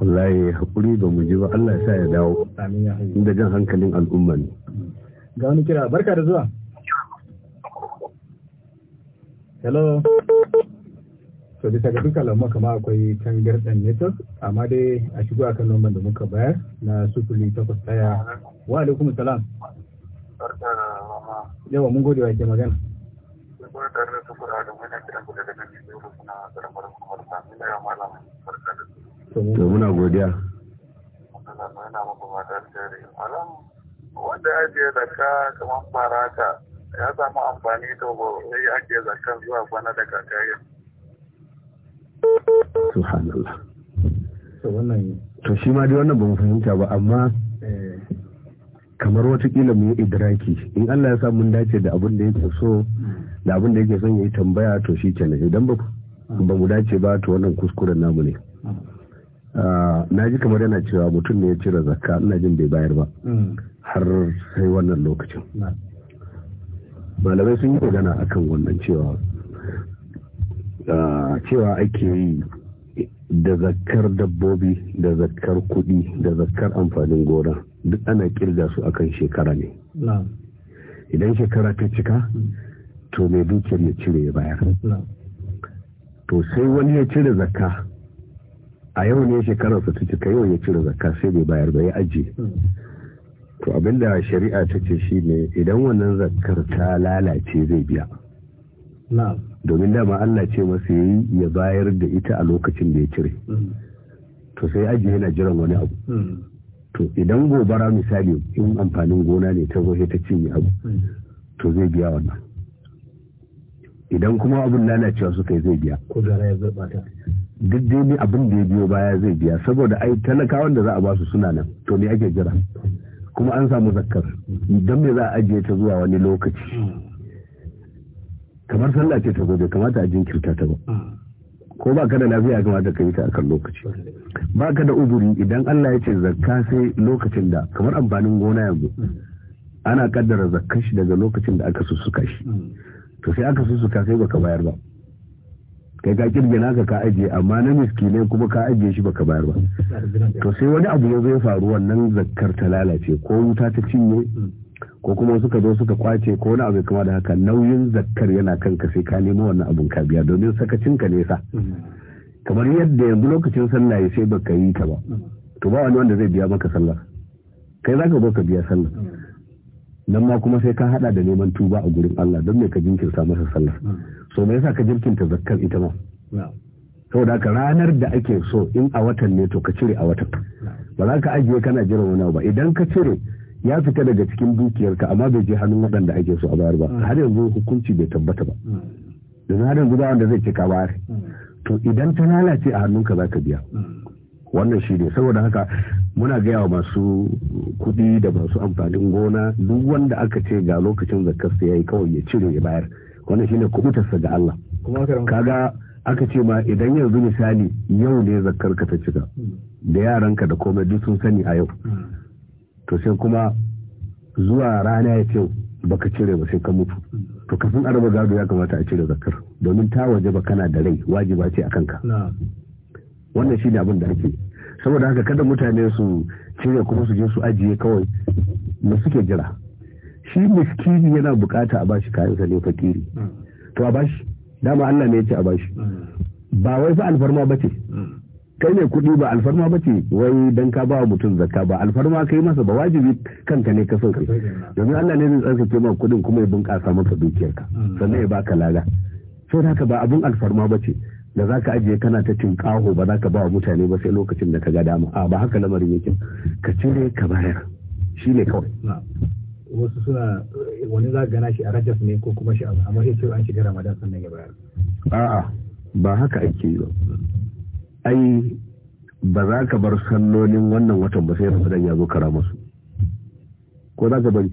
wallahi haƙuri ba mu ji ba Allah ya sa ya dawo inda jan hankalin al'umma ne ga wani kira barka da zuwa hello to bisa ga duka lamma kama akwai tangarɗan network amma dai a shigo a kan lambar da muka bayar na sufuri takwas ɗaya wa alaikum salam yawa mun gode wa ke magana to muna godiya wanda ya je zaka kamar baraka ya samu amfani to ba eh, ya ake zakan zuwa bana da kakayin subhanallah to shi dai wannan ba mu fahimta ba amma eh. kamar watakila mu yi idraki in Allah ya sa mun dace da abin da yake so da abin da yake son yayi tambaya to shi kenan idan ba ba mu dace ba to wannan kuskuren namu ne hmm. ah, na ji kamar yana cewa mutum ne ya cire zakka ina jin bai bayar ba hmm. har sai wannan lokacin malamai sun yi magana akan wannan cewa cewa ake yi da zakar dabbobi da zakar kuɗi da zakar amfanin gona duk ana kirga su akan shekara ne idan shekara ta cika to mai dukiyar ya cire ya bayar to sai wani ya cire zakka a yau ne shekararsa ta cika yau ya cire zakka sai bai bayar ba ya ajiye hmm. to abinda shari'a ta ce shine idan wannan zakkar ta lalace zai biya domin dama Allah ce masu yi ya bayar da ita a lokacin da ya cire hmm. to sai aji yana jiran wani abu hmm. to idan gobara misali in amfanin gona ne ta zohe ta cinye abu hmm. to zai biya wannan idan kuma abin lalacewa suka yi zai biya ko duk dai ne abin da ya biyo baya zai biya saboda ai talakawan da za a basu suna nan to ne ake jira kuma an samu zakkar idan me za a ajiye ta zuwa wani lokaci kamar sallah ce ta zo bai kamata a jinkirta ta ba hmm. ko ba ka da lafiya kamata ka yi ta a kan lokaci ba ka da uzuri idan Allah ya ce zakka sai lokacin da kamar amfanin gona yanzu hmm. ana kaddara zakkan shi daga lokacin da aka sussuka shi hmm. to sai aka sussuka sai baka bayar ba kai ka kirge naka ka ajiye amma na ne kuma ka ajiye shi baka bayar ba to sai wani abu ya ya faru wannan zakkar ta lalace ko wuta ta cinye ko kuma suka zo suka kwace ko wani abu kama da haka nauyin zakkar yana kanka sai ka nemo wannan abun ka biya domin sakacin ka nesa kamar yadda yanzu lokacin sallah ya sai baka yi ta ba to ba wani wanda zai biya maka sallah kai zaka zo ka biya sallah nan ma kuma sai ka hada da neman tuba a gurin Allah don me ka jinkirta masa sallah so me yasa ka jinkirta zakkar ita ma saboda ka ranar da ake so in a watan ne to ka cire a watan ba za ka ajiye kana jiran wani ba idan ka cire ya fita daga cikin dukiyarka amma bai je hannun waɗanda ake so a bayar ba mm. har yanzu hukunci bai tabbata ba mm. da har yanzu ba wanda zai ce ka bayar mm. to idan ta lalace a hannunka za ka biya wannan shi ne saboda haka muna gaya wa masu kuɗi da masu amfanin gona duk wanda aka ce ga lokacin zakarsa ya yi kawai ya cire ya bayar wannan shi ne kubutarsa ga Allah kaga aka ce ma idan yanzu misali yau ne zakar ta cika da yaranka da komai duk sun sani a yau to sai kuma zuwa rana ya ce baka cire ba sai ka mutu to kafin araba gado ya kamata a cire zakar domin ta waje ba kana da rai wajiba ce a kanka wannan shine abin da ake saboda haka kada mutane su cire kuma su je su ajiye kawai da suke jira shi miskini yana bukata a bashi kayansa ne fakiri to a bashi dama Allah ne ya ce a bashi ba wai fa alfarma bace kai ne kuɗi ba alfarma ba ce wai dan ka ba mutum zakka ba alfarma kai masa ba wajibi kanka ne ka son kai domin Allah ne zai tsarkake ma kuɗin kuma ya bunƙasa masa dukiyarka sannan ya baka lada so da haka ba abun alfarma ba ce da zaka ajiye kana ta tinkaho ba ka ba wa mutane ba sai lokacin da ka ga dama a ba haka lamarin yake ka cire ka bayar shi ne kawai wasu suna wani za gana shi a rajas ne ko kuma shi a sai an shiga ramadan sannan ya bayar a'a ba haka ake yi ba ai ba za ka bar sallolin wannan watan ba sai ramadan ya zo kara masu ko za ka bari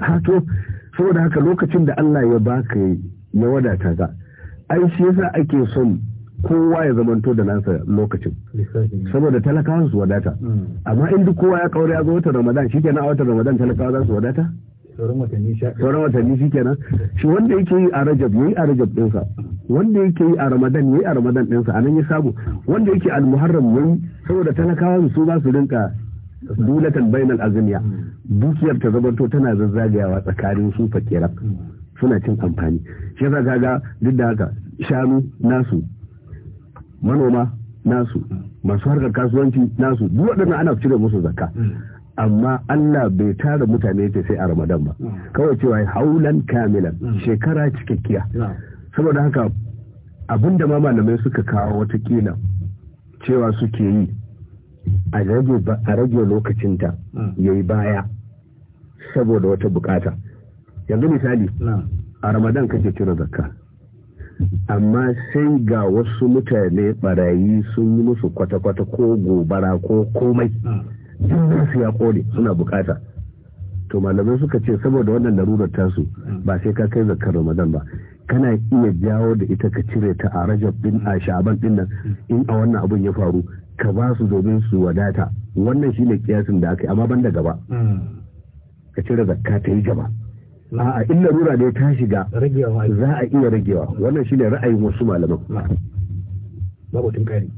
ha to saboda haka lokacin da Allah ya baka ya wadata ka ai shi yasa ake son kowa ya zamanto da nasa lokacin saboda talakawa su wadata hmm. amma in duk kowa ya kaure ya zo watan ramadan shikenan a watan ramadan talakawa za su wadata sauran watanni shi shikenan shi wanda yake yi a rajab yayi a rajab ɗinsa wanda yake yi a ramadan yayi a ramadan ɗinsa a nan ya samu wanda yake al-muharram yayi saboda talakawa su ba su rinka dulatan bainal azmiya dukiyar ta zabarto tana zazzagayawa tsakanin su fakiran suna cin amfani shi yasa kaga duk da haka shanu nasu manoma nasu masu harkar kasuwanci nasu duk waɗannan ana cire musu zakka amma Allah bai tara mutane ta sai a Ramadan ba kawai cewa haulan kamilan shekara cikakkiya saboda haka abinda ma malamai suka kawo watakila cewa suke yi a rage lokacinta hmm. ya yi baya saboda wata bukata yanzu misali hmm. a ramadan kake cire zakka amma sai ga wasu mutane barayi sun yi musu kwata-kwata ko gobara ko komai hmm. duk su ya kone suna bukata to malamai suka ce saboda wannan larurar tasu ba sai ka kai zakkar ramadan ba kana iya jawo da ita ka cire ta a rajab din a shaban din nan in a wannan abun ya faru ka ba su domin su wadata wannan shine kiyasin da aka yi amma ban da gaba hmm. ka cire zakka ta yi gaba a'a in larura da ta shiga za a iya ragewa wannan shine ra'ayin wasu malaman Ba tun kari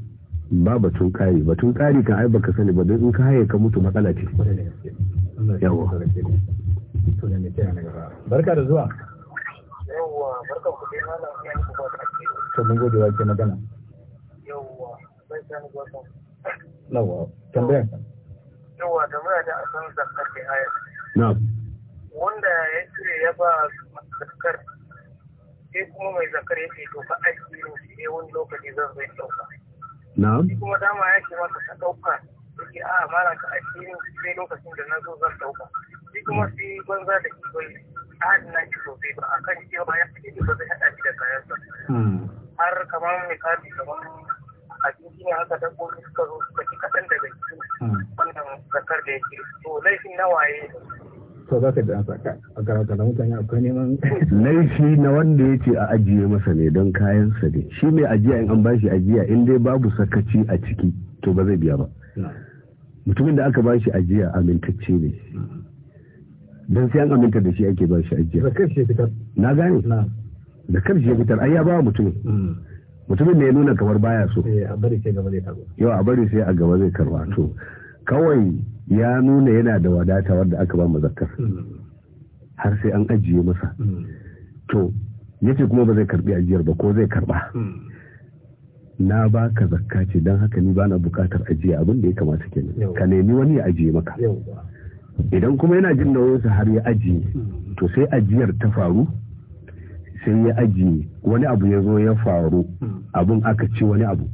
ba batun kari batun kari ka ai baka sani ba don in ka haye ka mutu matsala ce yawa barka da zuwa Yawwa, barka ku dai mana ina ku ba ta ke. To mun gode wa ke magana. Yawwa, bai san ku Yawwa, tambayar. Yawwa, tambaya a san zakar da aya. Na'am. Wanda ya ce ya ba zakar sai kuma mai zakar ya ce to fa aiki ne wani lokaci zan zai dauka. Na'am. kuma dama ya ce masa ka ɗauka, yake a mara ka addini sai lokacin da na zo zan ɗauka. shi kuma sai banza da kibai tsarin na shi sosai ba a kan cewa ya fi ba zai haɗa shi da kayan sa. Hmm. Har kamar mai kari kamar abinci ne haka dabbobi suka zo suka ci kaɗan daga cikin hmm. wannan zakar da yake. To laifin nawaye to za ka ji a karanta da mutane akwai neman laifi na wanda ya ce a ajiye masa ne don kayansa ne shi mai ajiya in an bashi ajiya in dai babu sakaci a ciki to ba zai biya ba hmm. mutumin da aka bashi ajiya amintacce ne don sai an aminta da shi ake ba shi ajiya na gane da shi fitar ai ya ba mutum mm. mutumin da ya nuna kamar baya so eh, a bari sai gaba zai karba yau a bari sai a gaba zai karba to kawai ya nuna yana da wadata wadda aka ba muzakkar mm. har sai an ajiye masa mm. to yace kuma ba zai karbi ajiyar ba ko zai karba na ba ka zakka ce don haka ni ba na bukatar ajiye abin da ya kamata kenan ka nemi wani ya ajiye maka idan kuma yana jin nauyinsa har ya ajiye to sai ajiyar ta faru sai ya ajiye wani abu ya zo ya faru abun aka ci wani abu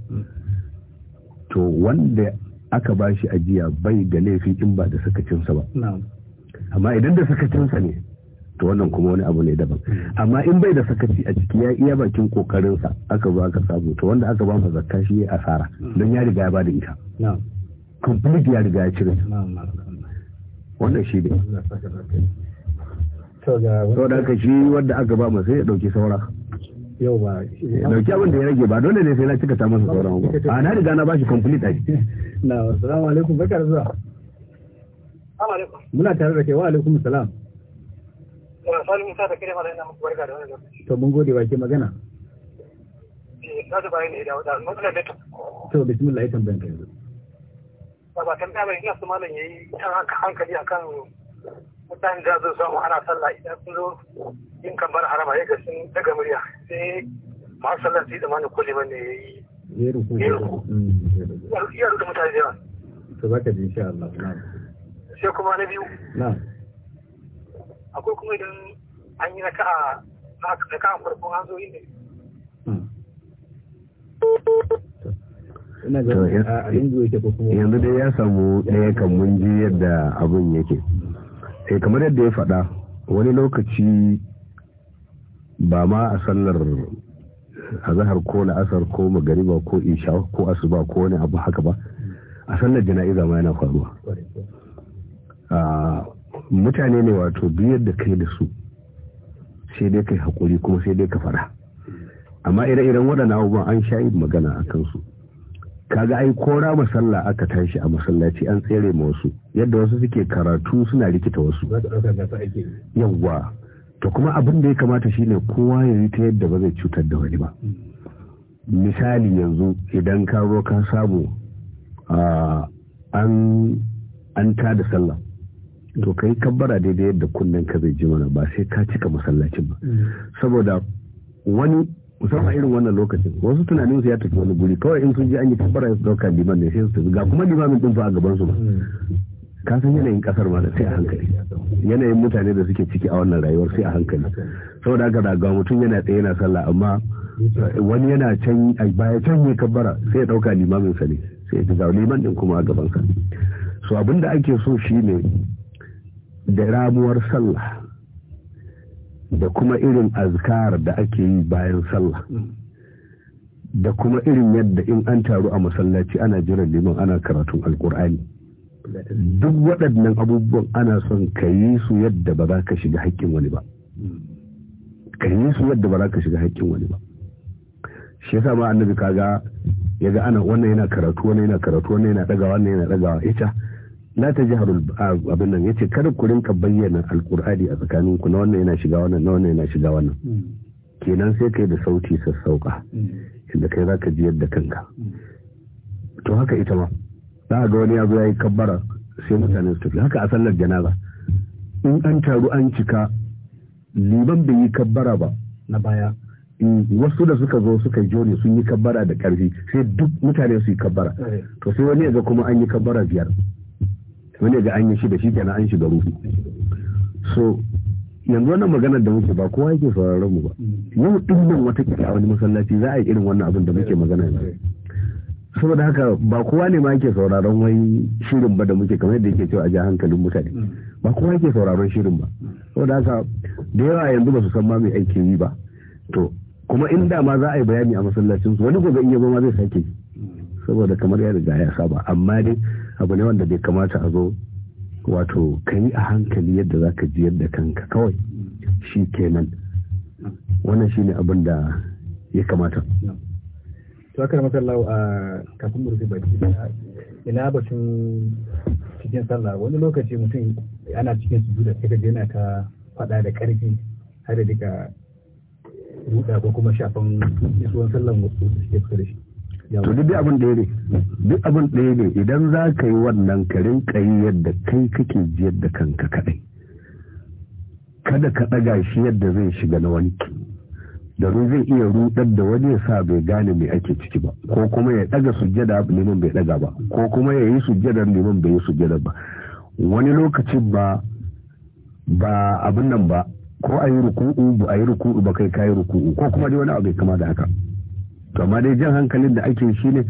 to wanda aka ba shi ajiya bai da laifin in ba da sakacinsa ba amma idan da sakacinsa ne to wannan kuma wani abu ne daban amma in bai da sakaci a ciki ya iya bakin kokarinsa aka zo aka samu to wanda aka ba mu zakka shi ya asara don ya riga ya ba da ita complete ya riga ya cire wannan shi ne to da aka shi wadda aka ba sai ya dauki saura yau ba dauki abin da ya rage ba dole ne sai na cika ta masa sauran ba a na riga na bashi complete a na assalamu alaikum barka da zuwa muna tare da kai wa alaikum salam to mun gode ba ke magana eh, to bismillah ya tambaye ka yanzu da ba kan ɗabarin ina su malam ya yi can hankali akan kan mutane da zai samu ana sallah idan sun zo yin kambar harama ya ga daga murya sai masu sallah su yi zamani kuli ne ya yi ya ruku mutane da yawa to za ka ji insha Allah sai kuma na biyu akwai kuma idan an yi na ka'a na ka'a farko an zo yin ne mm. yanzu dai ya samu ɗaya kan mun ji yadda abin yake sai eh, kamar yadda ya faɗa wani lokaci ba ma a sallar a zahar ko la'asar ko magariba ko isha ko asuba ko wani abu haka ba a sallar jana'iza ma yana faruwa mutane ne wato biyar da kai da su sai dai kai haƙuri kuma sai dai ka faɗa. amma ire-iren waɗannan abubuwan an sha magana a kansu kaga ai kora rama sallah aka tashi a masallaci an tsere ma wasu yadda wasu suke karatu suna rikita wasu yawwa to kuma abin da ya kamata shine kowa ya yi ta yadda ba zai cutar da wani ba mm. misali yanzu idan ka zo ka samu an an da sallah mm. to kai kabbara daidai yadda kunnen ka zai ji mana ba sai ka cika masallacin ba mm. saboda wani musamman irin wannan lokacin wasu tunanin su ya tafi wani guri kawai in sun ji an yi tabbara su dauka liman ne sai su tafi ga kuma limamin din fa a gaban su ba hmm. ka san yanayin kasar ma da sai a hankali yanayin mutane da suke ciki a wannan rayuwar sai a hankali saboda haka da ga mutum yana tsaye yana sallah amma wani yana can baya can yi kabbara sai ya dauka limamin sa ne sai ya ga liman din kuma a gaban sa so abinda ake so shine da ramuwar sallah da kuma irin azkar da ake yi bayan sallah da kuma irin yadda in an taru a masallaci ana jiran liman ana karatun alkur'ani duk waɗannan abubuwan ana son ka yi su yadda ba za ka shiga haƙƙin wani ba ka yi su yadda ba za ka shiga haƙƙin wani ba shi yasa ma annabi kaga ya ga ana wannan yana karatu wannan yana karatu wannan yana ɗagawa wannan yana ɗagawa ita la ta jihar ah, abin nan ya ce kada ku rinka bayyana alkur'ani a ku na wannan yana shiga wannan na wannan yana shiga wannan mm. kenan sai kai da sauti sassauka mm. inda kai za ka jiyar da kanka mm. to haka ita ma za a ga wani ya zo ya yi kabbara sai mutane su tafi haka a sallar janaza in an taru an cika liban bai yi kabbara ba na baya wasu da suka zo suka jone sun yi kabbara da karfi sai duk mutane su yi kabbara eh. to sai wani ya ga kuma an yi kabbara biyar wani ga an yi shi da shi kenan an shiga ruhu so yanzu wannan maganar da muke ba kowa yake sauraron mu ba yau dinnan wata kike a wani masallaci za a yi irin wannan abin da muke magana yanzu saboda haka ba kowa ne ma yake sauraron wai shirin ba da muke kamar yadda yake cewa a ji hankalin mutane ba kowa yake sauraron shirin ba saboda haka da yawa yanzu ba su san ma mai aiki yi ba to kuma in da ma za a yi bayani a masallacin su wani gobe in yabo ma zai sake saboda kamar yadda ga ya saba amma dai abu ne wanda bai kamata a zo wato ka yi a hankali yadda za ka ji yadda kanka kawai shi kenan wannan shi ne abin da ya kamata to aka masar lau a kafin murfi baki ina batun cikin sallah wani lokaci mutum ana cikin su da suka yana ta fada da karfi har da duka ruda ko kuma shafan isuwan sallan wasu suke shi to duk abin ɗaya ne duk abin ɗaya ne idan za ka yi wannan ka kai yadda kai kake ji yadda kanka kaɗai kada ka ɗaga shi yadda zai shiga na wani domin zai iya rudar da wani ya sa bai gane mai ake ciki ba ko kuma ya ɗaga sujjada liman bai ɗaga ba ko kuma ya yi sujjada liman bai yi sujjada ba wani lokacin ba ba abin nan ba ko a yi ruku'u ba a yi ruku'u ba kai ka yi ruku'u ko kuma dai wani abu kama da haka amma dai jan hankalin da ake shi ne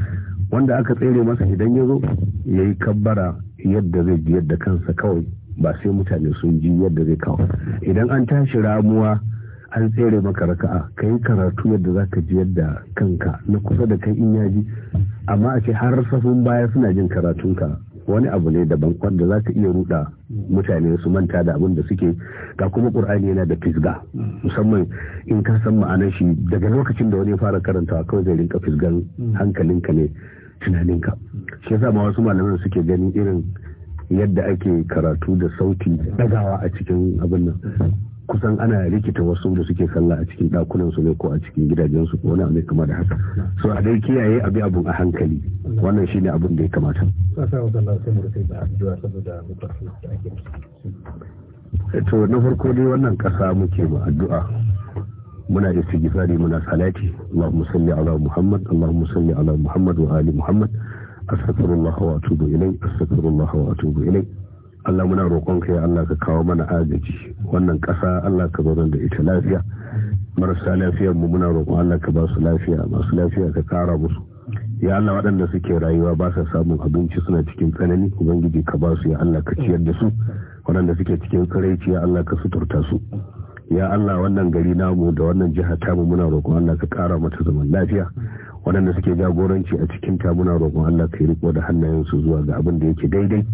wanda aka tsere masa idan ya zo ya yi kabbara yadda zai ji yadda kansa kawai ba sai mutane sun ji yadda zai kawo idan an tashi ramuwa an tsere maka raka'a ka yi karatu yadda za ka ji yadda kanka na kusa da kai in yaji amma a ce har safin baya suna jin karatunka wani abu ne daban wanda za ta iya ruda mutane su manta da abin da suke ga kuma qur'ani yana da fisga musamman in ka san ma'anar shi daga lokacin da wani ya fara karantawa kawai zai rinka fisgan hankalinka ne tunaninka shi yasa ma wasu malaman suke gani irin yadda ake karatu da sauti dagawa a cikin abin nan kusan ana rikita wasu da suke sallah a cikin dakunan su ne ko a cikin gidajen su ko wani abu kamar da haka so a dai kiyaye abi abun a hankali wannan shine abun da ya kamata to na farko dai wannan kasa muke ba addu'a muna sigifari muna salati Allahumma salli ala Muhammad Allahumma salli ala Muhammad wa ali Muhammad astaghfirullah wa atubu ilayhi astaghfirullah wa atubu ilayhi Allah muna roƙonka ya Allah ka kawo mana agaji wannan ƙasa Allah ka zo da ita lafiya marasa lafiyar mu muna roƙon Allah ka ba su lafiya masu lafiya ka ƙara musu ya Allah waɗanda suke rayuwa ba sa samun abinci suna cikin tsanani ubangiji ka ba su ya Allah ka ciyar da su waɗanda suke cikin tsiraici ya Allah ka suturta su ya Allah wannan gari namu da wannan jiha tamu muna roƙon Allah ka ƙara mata zaman lafiya waɗanda suke jagoranci a cikin ta muna roƙon Allah ka yi riƙo da hannayensu zuwa ga abin da yake daidai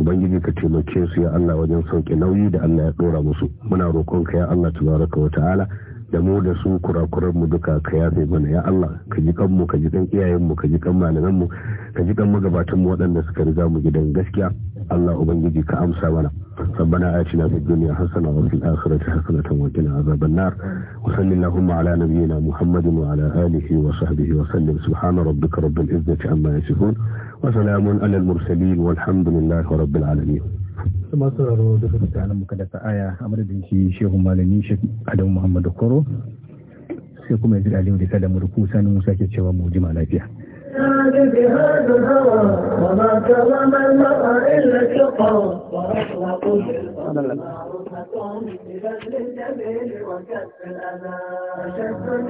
ubangiji ka taimake su ya Allah wajen sauke nauyi da Allah ya dora musu muna roƙon ka ya Allah tabaraka wa ta'ala da mu da su kurakuran mu duka ka yafe mana ya Allah ka ji kan mu ka ji kan iyayen mu ka ji kan malaman mu ka ji kan magabatan mu waɗanda suka riga mu gidan gaskiya Allah ubangiji ka amsa mana ربنا آتنا في الدنيا حسنة وفي الآخرة حسنة وقنا عذاب النار وصل اللهم على نبينا محمد وعلى آله وصحبه وسلم سبحان ربك رب العزة عما يصفون وسلام على المرسلين والحمد لله رب العالمين ثم سرر دفت تعالى مكدفة آية أمر بن شي شيخ مالني شيخ عدو محمد القرو شيخ مزيد عليهم رسالة مركوسا نمساكي شوى موجي مالا فيها